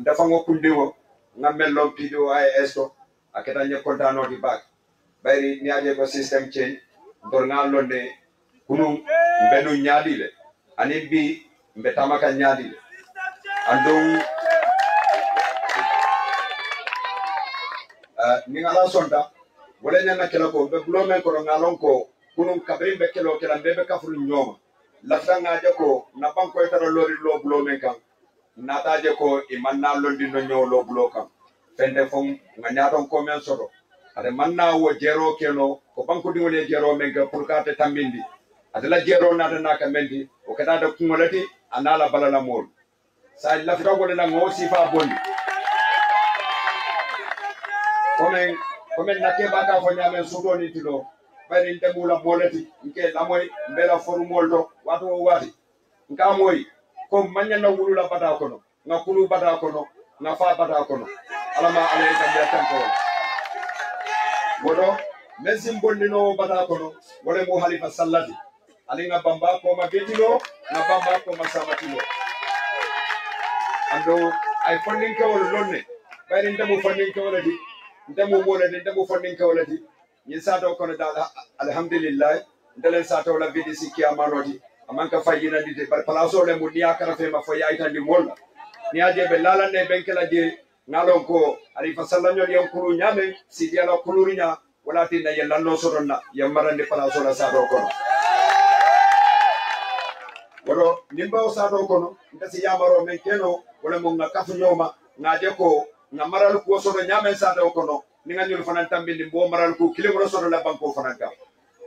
ndafaŋo kundiŋo ŋa meŋ loŋ pdo is to a keta ñe kontaanoo ti baak bayri niŋ a je ko système change ntolu ŋa loŋ ne kunuŋ le aniŋ bii mbe ka ñaadi le anduŋ niŋ ala sonta wo le ñaŋ na kela ko mbe ko kunun kabiri bɛ kɛlɛ o kɛra bɛɛ bɛ kafuru ɲɔgɔn ma lasangaje ko nafanko itara lori lo bulo min kan nataje ko i man na londi no ñow lo bulo kan fende fon nga ñaton ko men soto ade man na wo jero keno ko banko dingole jero men ga pour kate tambindi ade la jero nata na ka mendi o kata da kumolati anala balala mol sa la fita ko na ngo sifa bonni komen komen na ke baka fo nyamen sudo ni tilo bari ndemula molati nke lamoy mbela foru moldo watu wati nka moy ko manya na wulula bata kono nga kulu bata kono nga fa bata kono alama ala ita biya tanko bodo mesim bondino bata kono wala mo halifa sallati alinga bamba ko mabetilo na bamba ko masamatilo ando ay fondin kawol lonne bari ndemu fondin kawolati ndemu molati ndemu fondin kawolati ñiŋ saatoo kono da alhamdulillahi nte leŋ saatoo la bidi si kiyamano ti a maŋ ka fayinandi te le mu niŋ ye a karafeema fo ye a yitandi moolu la niŋ ye a jee be laalanne benke la jee ŋa loŋ ko alifa sallañol yeŋ kulu ñaameŋ sidiya la kuluriña wala tinna ye lannoo soton na ye marandi palasoo la saatoo kono woto niŋ bawo saatoo kono nte si yamaroo meŋ kenoo wo le mu ŋa kafuñoo ma ŋa je ko ŋa marali kuwo soto kono ni nga ñol fanan tambindi bo maral ko kile ko soto la banko fanan ka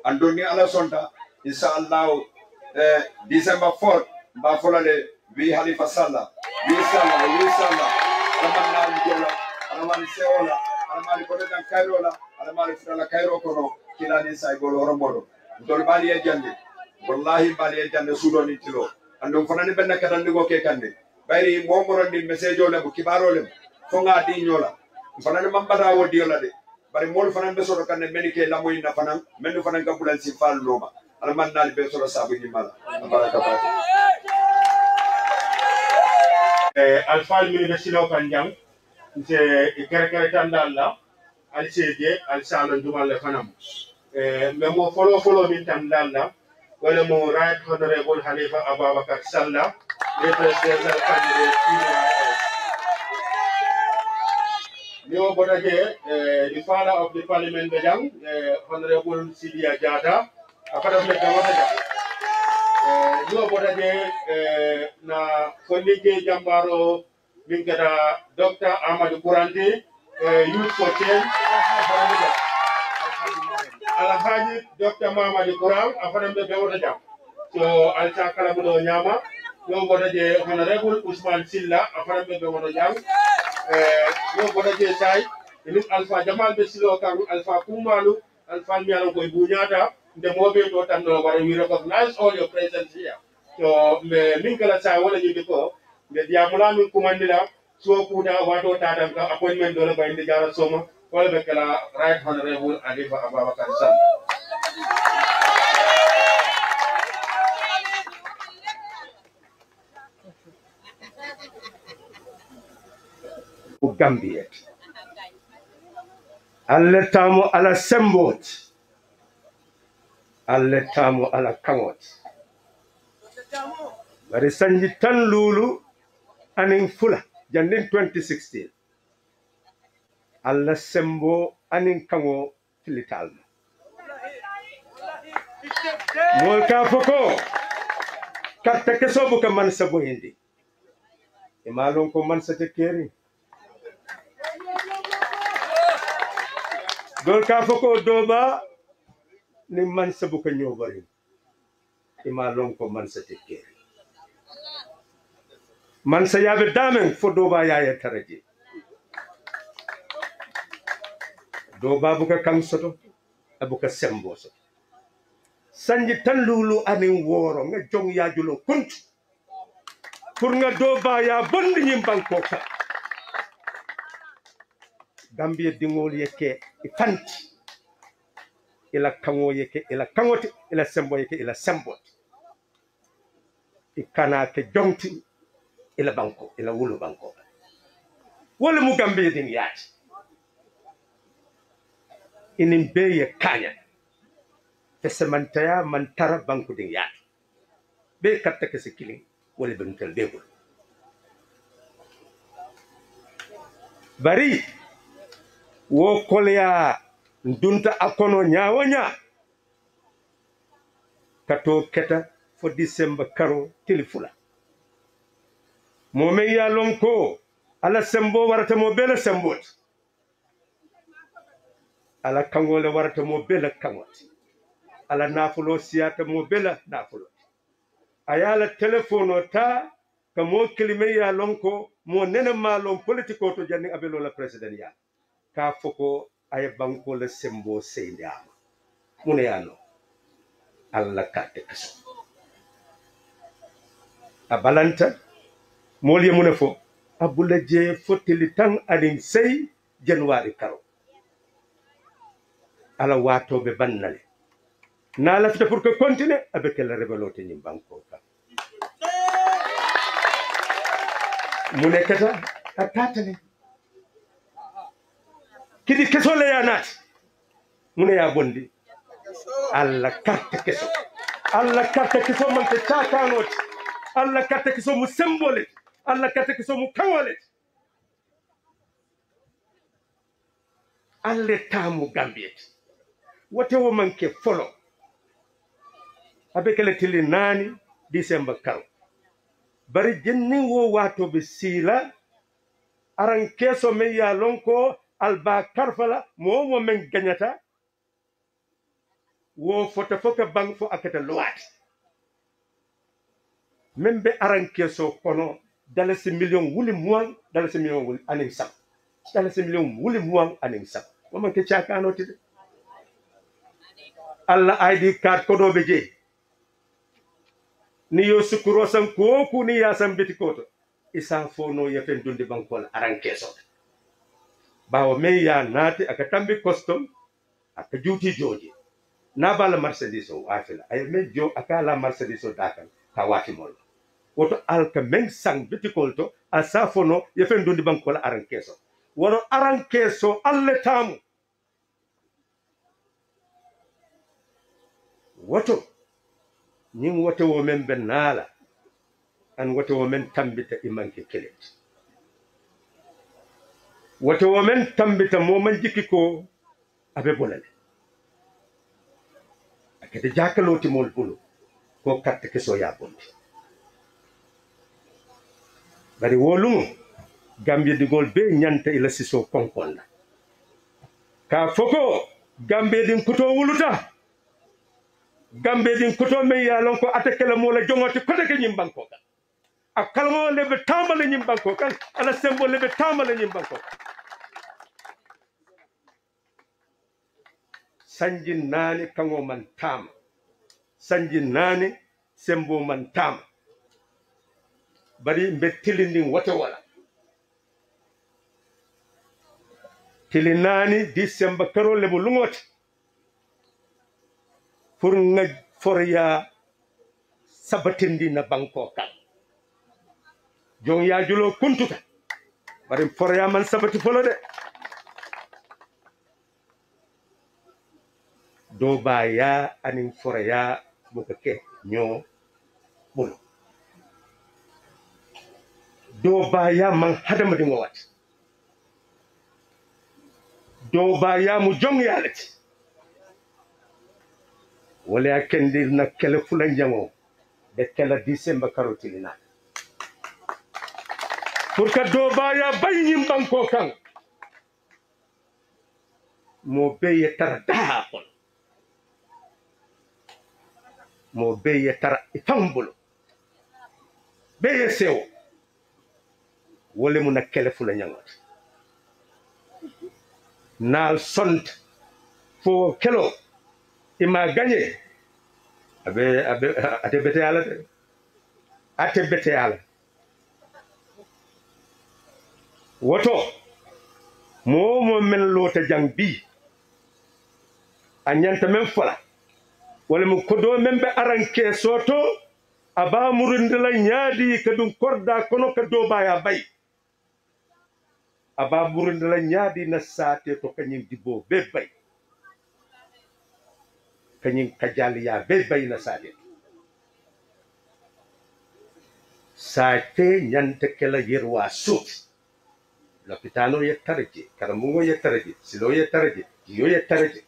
ando ni ala sonta insha allah eh december 4 ba fola le bi halifa sala bi sala bi sala ramal na jola ramal seola ramal ko dan kairola ramal fitala kairo ko no kila ni sai golo rombodo dol bali e jande wallahi bali e jande sudo ni tilo andon fanan benna kadan ni go ke kande bayri mo moron ni message o le bu kibaro le fo nga di ñola fana ne mamba rawo eh, la de bari mol fana be soro kan men eh, ke la fana men fana al be soro sabu ni baraka ba al fal silo kan tan dal la al al salo le me mo eh, folo folo tan dal la wala mo right honorable halifa ababakar sallam le president New Bodahe, uh, the father of the Parliament Bejang, uh, Honorable Sidia Jada, a part of the New Bodahe, na Konike Jambaro, Minkada, Dr. Amadou Kurante, Youth for Change, Alhaji Dr. Mamadou Kurang, a part of the Bejang. So, Alta Kalabudo Nyama, New Bodahe, Honorable Usman Silla, a part of the no eh, boda je tay enin alpha jamal be silo kan alpha kumalu alpha miyalo koy buñata nde moɓe ɗo tan no wara we nice all your presence here to me min kala sa wala ñinde ko nde diyamula min kumandira so kuuta wato tatam ka appointment dole bayinde jara soma wala ɓe kala right honorable alifa ababacar sall o gambiyete alle ala semboote alle ala kaŋote bari sanji tan luulu anin fula jandin 2016 alla sembo anin kaŋo tilitalma mool ka fo ko katta keso buka mansa boyindi e lon ko mansa te kerin ɗon ka fof ko dooma ni mansabu ka ñoobari ima lon ko mansa tekkere mansa yaaɓe damen fo dooma yaaya taraje dooma buka kan soto abuka sembo soto sanji tan luulu anin wooro nga jom yaajulo kuntu pour nga dooma yaa bonndi ñim banko kan gambiya diŋol yeke e fanti ila kaŋo yeke ila kaŋote ila sembo yeke ila sembote e kana ke jonti ila banko ila wulo banko wala mu gambiya din yaati inin bee ye kaña te semantaya man tara banko din yaati bee katta kese kilin wala bentel beegol bari wo kolya ndunta akono kono ñaawo kato keta fo disemba karo tilifula momey ya lonko ko ala sembo warata mo bela semboti ala kangole warata mo bela kangot ala nafulo siyata mo bela nafulo a telefono ta ka mo kilime ya lonko ko mo nene ma lon politiko to janni abelo la ya. k'a fɔ ko a ye banko la sembo sen di a ma mun ne y'a nɔ ala k'a kɛ kaso a balanta mɔɔlu ye mun ne fɔ a bulajɛ fo tele tan ani sei januwari kalo ala waato bɛ ban na le n'a lafita pour que continue a bɛ kɛ la rebellion tɛ nin banko kan mun ne kɛta a taa tɛnɛ kidi kesole ya naati mune ya bondi allah karta keso allah carte keso mante catanoti allah karta keso mu sembolete allah karta keso mu kawolete allah taamu gambiyete wote wo manke folo abe kele tili naani disemba karo bari jenni wo watoɓe siila aran keso men ya lonko alba karfala mo mo men ganyata wo fota foka bang fo akata luwat men be aranke so kono dala si million wuli muwan dala si million wuli anin sam dala si million wuli muwan anin sam mo man ke chakano tide alla id card kodo be je ni yo sukuro san ko ni ya sam bitikoto isa fo no yafen dundi bankola aranke so bawa men ya naate aka tambi custom aka juuti jooje na bala marchandise o waatila aye jo aka la marchandise o dakal ka wati moy woto alka men sang bitikol to a safono ye fen dondi bankola aran keso wono aran keso alle tamu woto ñin wote wo men be naala an wote wo men tambita imanke kelet wote women tambita moman jikki ko aɓe bonane akede jakalotimol bulu ko katte keso yabondi bari wolugo gambedigol be ñanta ila siso konkonda ka foko gambedin kuto wuluta gambedin kuto men yalon ko atakela mola jongoti kote ke ñimbanko kan a kalmo lebe tamale ñimbanko kan ala sembo lebe tamale ñimbanko kan sanjinnaani kaŋo man taama sanjinnaani sembo man taama bari mbe tili ndin wote wala tili naani di semba karo lebo luŋote pour ŋa forya sabatindi na banko kan jon yaajulo kuntuka bari forya man sabati folo de doobaaya anin foreya muka ke nyo ɓolo doobaaya man hadamadiŋo wati doobaaya mu joŋyaa le ti wala ya kendir na kele fulan jamo de kela disemba karotilina na pour que doobaaya bayiñin bankoo kaŋ moo kono mo beye tara e tambolo beye sewo wole mu na kele fula ñangoti naal sont fo kelo ima e gañe abe abe ate bete ala de ate bete ala woto momo men lota jang bi a ñanta men fola wala mo kodo membe ɓe aran aba to a bamurundila korda kono ka bayabai, baya bay aba bamurundila ñaadi na saate to kañum dibo be bayi kañum kajaliya be bay na saate to kela yerwa suuf lopitano yettara tarje karamugo ya tarje silo ya tarje yo ya tarje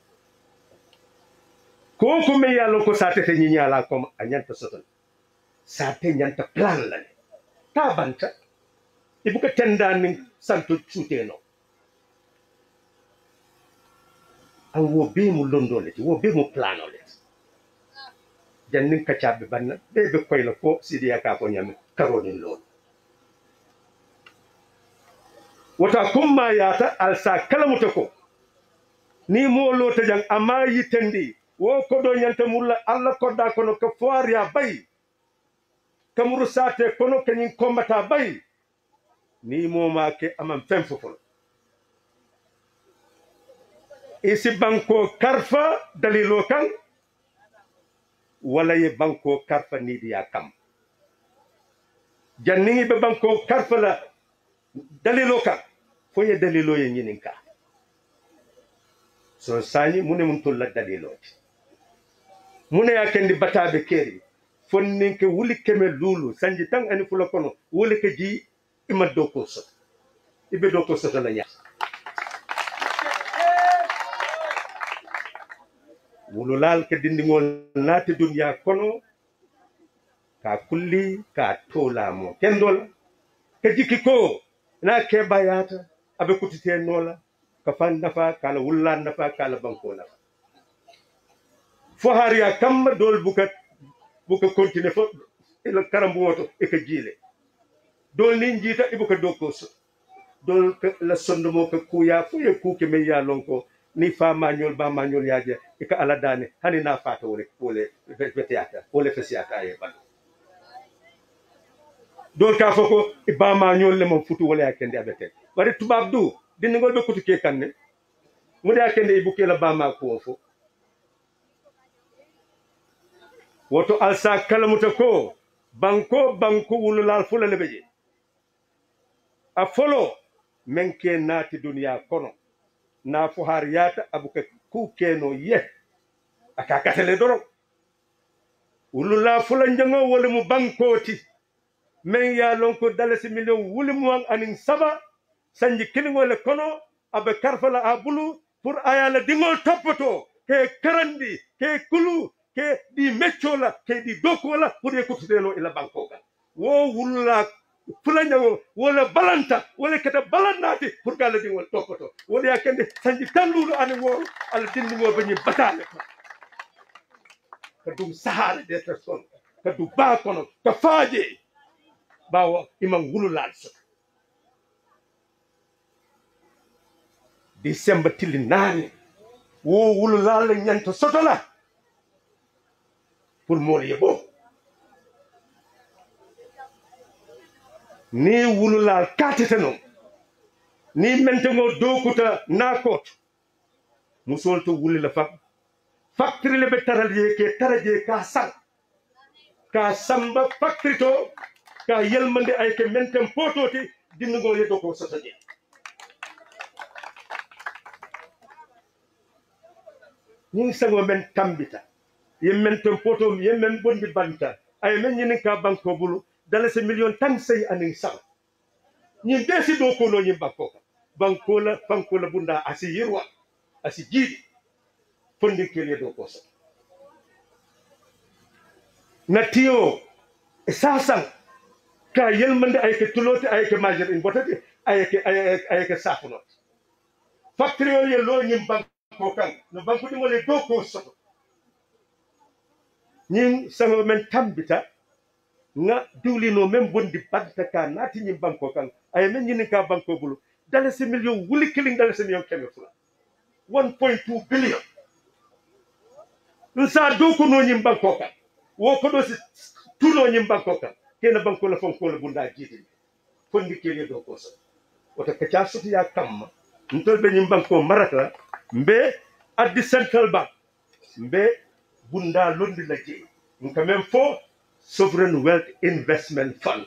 koko me ya loko sate te la kom anyanta soton sate nyan te plan la ta banta ibuka tenda santu santo no. an wo be mu londo le wo be mu plano le jannin ka ban na be be la ko ya ka ko nyame karodin lo. wata kumma yata alsa kalamuta ko ni mo lota jang amayi tendi wo do yente mulla allah kodda kono ko foariya bayi kamuru sate kono nyin kombata bayi ni momake aman fem fofol isi banko karfa dalilo kan wala ye banko karfa nidiya kam janniŋi be banko karfa la dalilo fo ye dalilo ye nyininka so sañi mune mun tolla dalilo munaya kendi bataɓe keeri fonnin ke wuli keme luulu sanji tan ani fula kono wuli ke ji ima doko ko soto iɓe dow ko soto la ñaa wululaal ke dindigol naati duniya kono ka kulli ka tolamo kendola ke jikki ko na kebayata aɓe nola ka fan nafa kala wulla nafa kala banko nafa fo haariya kamma dool buka buka continue fo ila kara mbumoto eko jiile dool ni jiita ibuka e dokkoso dool la sondomo ko kuuya fo ye kuuke men ya lonko ni famañol bamañol yaje eko ala dane hani na fata wole wole wetyata wole fesyata ye ban dool ka fo ko e bamañol le mom futu wole ya kende a ɓeten wari tubaab du dinnigol ɓe kutu ke kanne mu de a kende ibukela e bama kuwo fo woto alsa kalamuta ko banko banko wululal fulale ɓe a folo men ke naati kono na fo haar yaata abuka ku keno ye aka katale doron wulula fula jango wole mu bankoti men ya lon ko dalasi million wuli mu an anin saba sanji kilingole kono abe karfala a pour ayala dingol toppoto ke karandi ke kulu ke ɗi meccola ke ɗi dokola pour e coxidelo ila e bankogal wo wulla fulañago wala balanta wala kata balannaati pour ko allah dingol toppoto wona ya kende sañi talluɗo ana wooro allah dinndimoɓe ñi batale ko ko ɗum sahaare des personnes ko du baa kono ko faaje ɓaawo iman wululaade so décembre tilli naane wo wululaale ñanta sotola bon ni wululal kateteno ni mentego dokuta nakoto musol to wulila fa factory le betaral ye ke taraje ka sal ka samba factory to ka yelmande ay ke menten pototi dinnugol yeddo ko soto ni ñin sango men tambita Yemen ton potom bon bi banta ay men ñi ka banko bulu dala ce million tan sey ani sa ñi desi do ko no ñi bakko banko la banko la bunda asi yirwa asi jidi fondi kele do ko e sa natio sasan ka yelmande ay ke tuloti ay ke majir in botati ay ke ay ke safunot factory yo lo ñi banko kan no banko le do ko sa ñin sango men tambita nga diwlino men bondi batta ka naati ñin banko kan aye men ñinin ka banko bulu dala si million wuli kiling dala keme fula one point two billion nsa do ko no ñin banko kan wo ko do si tulo ñin banko kan kena banko la fonko la bunda jiidi fondi kene do ko sa wata kaca soti ya kamma ntol be ñin banko marata mbe addi central bank mbe bunda londi la je ngam même fo sovereign wealth investment fund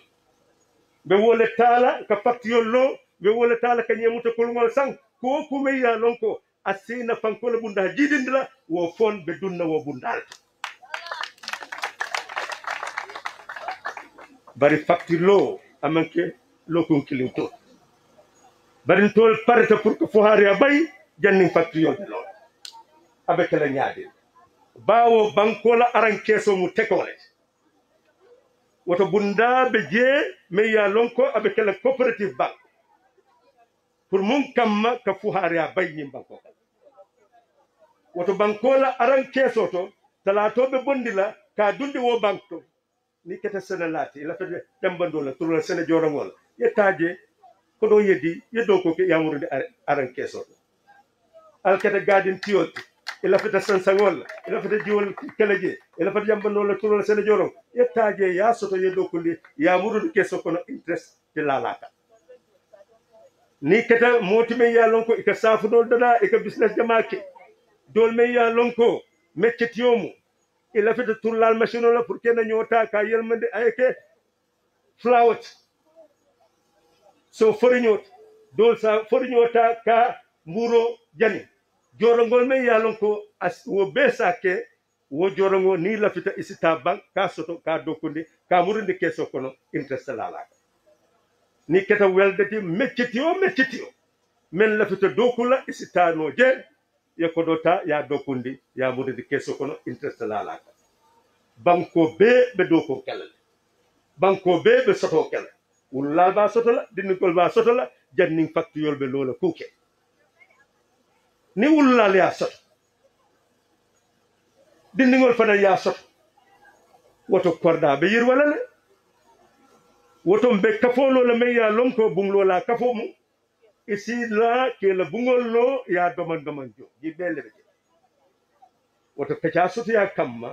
be wole tala ka pattiyol lo be wole tala ka ñemuta ngol sang ko me ya lon ko a sina fankola bunda jidindira wo fon ɓe dunna wo bundal bari fakti lo amanke lokun kilin to barin tol parata pour que fo haria bay janni jannin yollo ɓe kala ñaadin bawo bankola aran keso mu tekole woto bunda be je me ya lonko abe kala cooperative bank pour mun kamma ka fuhari a bayyin banko woto bankola aran keso to talato be bondila ka dundi wo bank ni kete sene laati la fete dembando la turla sene jorangol yettaje ko do yedi yeddo ko ke yamurde aran keso al kete gadin tiyoti ilafita sansaŋol la ilafita jiwol kele je ilafita jambannol la tulol sene jolon yetta je ya soto ye dokundi ya murudu keso kono interest te lalata ni keta moti men ya lonko ika safunol dada ika business de jamake dol men ya lonko meccetiyomu ilafita turlal machine la pour kena ñota ka yelmande ayke flawat so foriñot dol sa foriñota ka mburo jani jorongol men yalon ko wo be sake wo jorongo ni lafita isita bank ka soto ka dokkunde ka murunde keso kono interest lalaka ni keta weldati mecciti o mecciti o men lafita dokula isitano je ye kodota ya dokkundi ya murunde keso kono interest lalaka banko be be dokko kelale banko be be soto kelale wulla ba sotola dinnigol ba sotola janning factuyol be lola kuke ni wullal ya soto dindigol fana ya soto woto kordaɓe yirwala le woton ɓe kafolola men ya lonko bunglola kafo mum e sila kela bungol lo ya doman doman jo jiɓɓele ɓe je woto peca sotoya kamma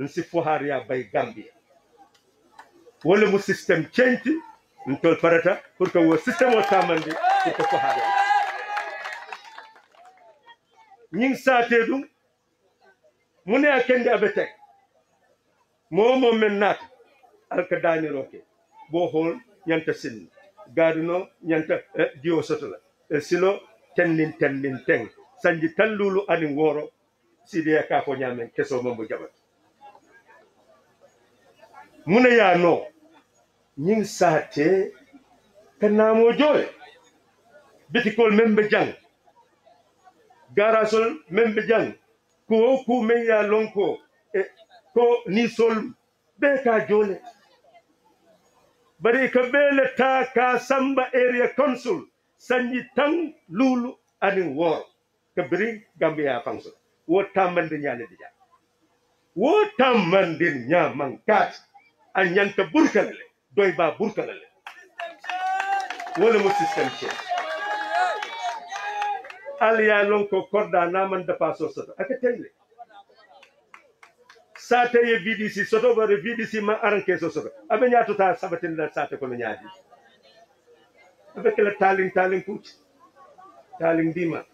n si fo har ya bay gambia wala mo systéme ceñti n tol parata pour que wo systéme o tamandi pour que fo har ya ñing saateeɗum mune a kenndi aɓe tek momo men naata alka dañiro ke bohol ñanta sinno gaadino ñanta eh, diwo sotola e eh, silo tennin tennin ten sanji tallulu anin wooro sidiya ka ko ñaamen keso mambo jaɓat mune yaano ñin saate kannamo jooye bitikol men ɓe jang garasol men ku men ya lonko e ko ni sol ka jone bari ka ɓeele ta ka samba area consul sanji tan luulu anin wooro ka biri gambiya fansol wo tammande ñaane dija wo tammande ñaman kaati a ñanta burkala le doy ba burkala le wona mo systéme change hali ya lon ko korda naman da paso soto aka tayle sate ye vdc soto bare vdc ma aranke so soto abe nyaato ta sabatin da sate ko nyaadi abe kala talin talin kuci talin dima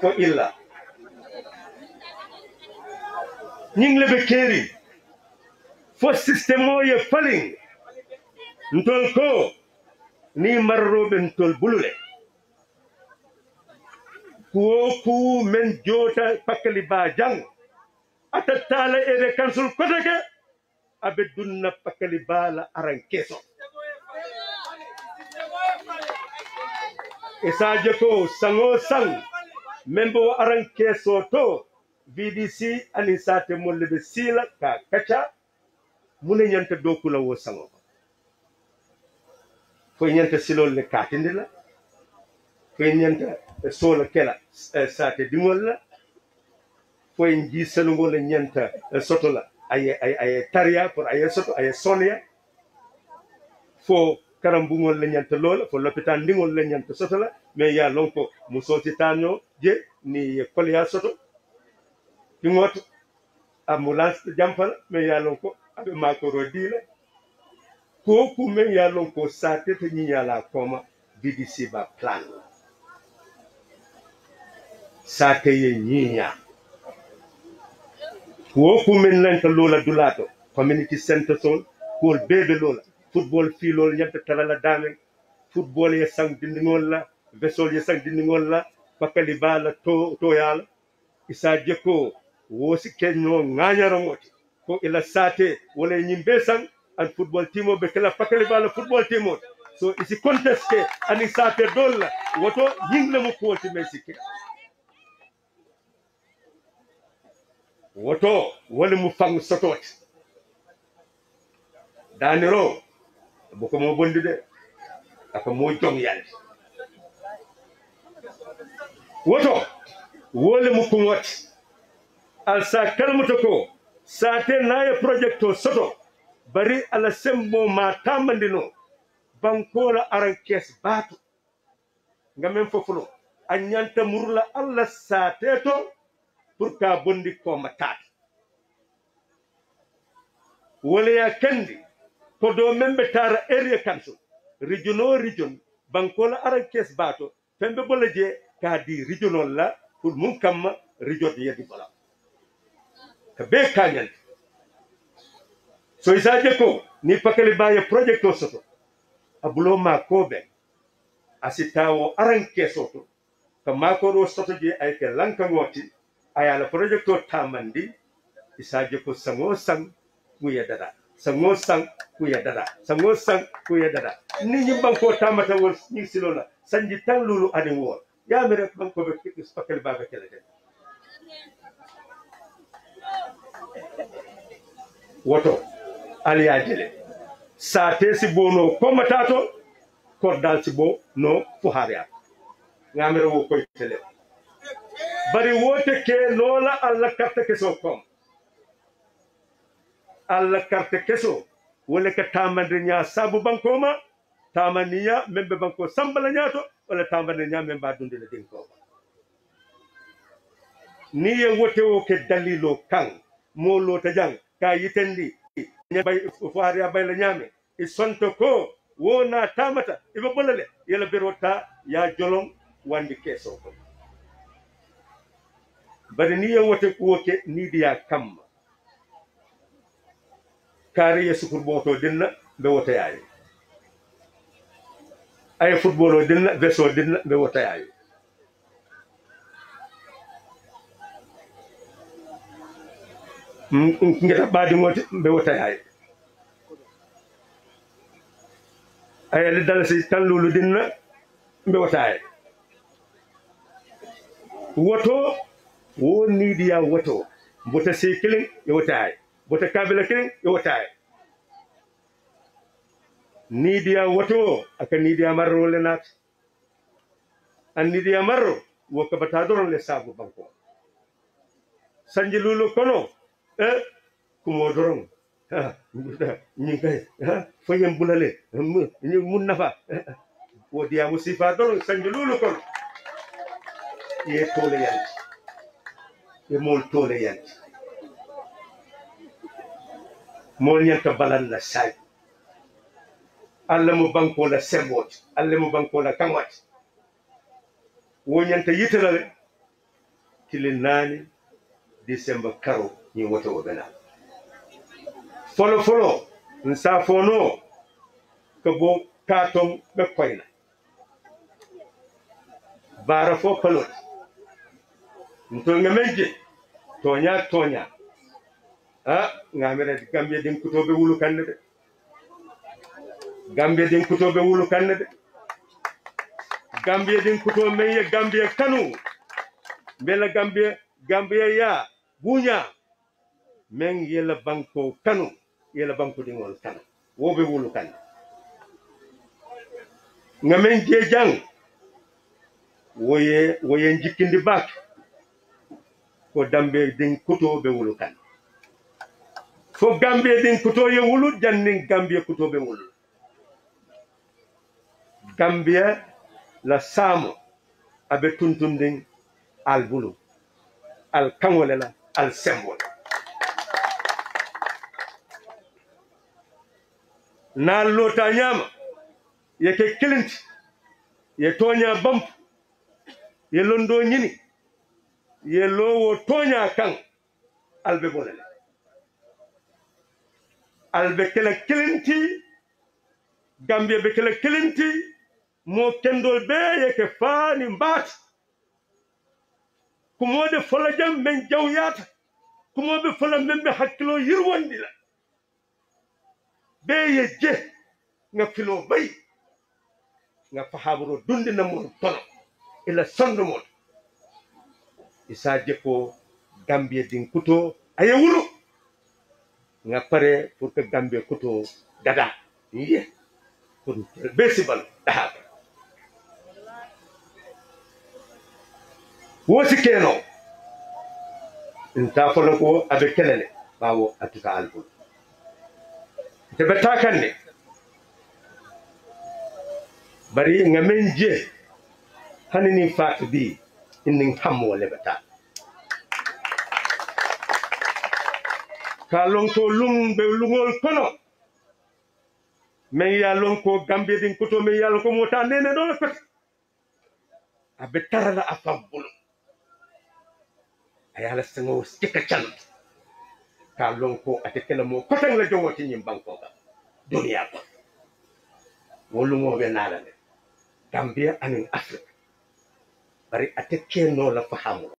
ko illa ning le be keri fo système o ye falin ntol ko ni marroɓe ntol bulule koku men jota pakali bajang atatala ere kansul kodege abe dunna pakali bala aran keso isaje jeko sango sang membo aran keso to VDC ani sate mullebe sila ka kacha mune nyanta dokula wo sango ko nyanta silol le katindila ko nyanta sohla kela e sate dimol la foyen ji selugol e ñanta soto la aye aye tariya pour aye soto aye sonoya fo karam mbugol le ñanta loola fo lopitan ndigol ñanta soto la mais ya lon ko mo sotitano je ni kolya soto ɗigoto ambulance ɗo jampana mais ya lon ko aɓe makoro dila ko kumen ya lon ko satete ñiñala koma bidisiba plan sake ye ñiiña wo ku min lanta lola dulato community centre toon ko beebe loola football fiilool ñampe talala daamen football ye sang dindiŋol la vessel ye sang ngol la papeli bala to to, yal isa isaa wo si kenno ŋaañaromo ti ko ila saate wala ñim bee sang an football timo be kala papeli bala football timo so isi contesté ani saate dool la woto yiŋ ko kuwo ti men woto woni mo faŋ sotote bu ko mo de ako mo jom yalla woto wole mo kuŋote alsa kalmuto ko sate naye projet projecto soto bari ala sembo ma tambandino bankola aran kes baatu ngamen fofulo anyanta ñanta alla sa sate to pourka bonndi koma taake woloya kandi ko dow men ɓe taara area council regional region bankola aran kes baato femɓe bola jee kaadi regional la pour mum kamma region yeddi bola ko ɓe kañande so isaje ko ni pakali mbaye project o soto abulo makoɓe asi tawo aran keso to ko makoɗo soto je ayke lankagooti ayala project to tamandi isaje ko sango kuya dada sango kuya dada sango kuya dada ni ni ko tamata wol ni silona sanji tan lulu adin wol ya mere ko be tikis pakel baba kele de woto ali ajele sa tesi bono komatato kordal si bo no haria ngamere wo koy tele bari wote ke lola alla karta keso kom alla karta keso wala ka tamande nya sabu bankoma tamaniya membe banko sambala nyato wala tamande nya memba adunde le yang ko ni ye wote wo ke dalilo kan mo lota jang ka yitendi bay faariya la nyame e sonto ko wona na tamata bolale yela berota ya jolong wandi keso ko bari niyen wote kuwoke niidiya kamma kaariye sukurboto dinna ɓe wotoyayo aye football o dinna beso dinna ɓe wotoyayo mm, mm, ngeta ɓaadimote ɓe wotoyayo aye nde dalasi tan lulu dinna ɓe wotaye woto woni dia woto bota se kelen yo tay bota kabila kelen yo tay dia woto aka dia marro le nat an ni dia marro wo ka bata doron le sabu banko sanje lulu kono e kumo doron ni kay fo yem bulale ni mun nafa wo dia musifa doron sanje lulu kono ye tole yalla ɓe moltole yanta mol yanta balan na sabi allah mo banko la sembote alla mo banko la kaŋote wo yanta yitalale tili naani disemba karo ñiŋ woto wo follow, folo folo nsaafono ka bo kaatoŋ ɓe koyna baara fo palote ntol ŋa meŋ je tooñaa tooñaa ah ngaamira gambiya denkutoɓe wulu kanne de gambiya denkutoɓe wulu kanne de gambiya denkuto men ye gambiya kanu mbela gambiya gambiya ya buuña men yela banko kanu yela banko ɗingol kanu woɓe wulu kanne nga men jeejang woye woye jikkindi baake ko dambe din kuto be wulu kan fo gambe din kuto ye wulu jannin gambe kuto be wulu gambia la samo abe tuntunden al bulu al kangole la al sembo na lota nyama yake kilinti ye tonya bamp ye londo nyini يلو تونيا كان ألبي بولي ألبي كلا كلنتي بكلا كلنتي مو كندول بي يكفاني بات كمو دي فلا جم من جويات كمو بي فلا من بحكلو يروان دي بي جي نفلو بي نفحابرو دون دي نمور طنع إلا isa jekko gambie din kuto aye wuro nga pare pour que gambie kuto dada ye pour besibal dahaba wosi keno inta fono ko abe kelele bawo atuka album tebe takanne bari nga men je hani ni faat bii inning tammo lebata ka lonko lum be lungol kono men ya lonko gambie din koto men ya lonko mota nene ɗo pet aɓe tarala a fabbulu a yala sengo sikka cant ka lonko ate kela mo kotan la jowoti ñim banko ga duniya ko wolungoɓe naala nde gambia anin afrique bari a la fa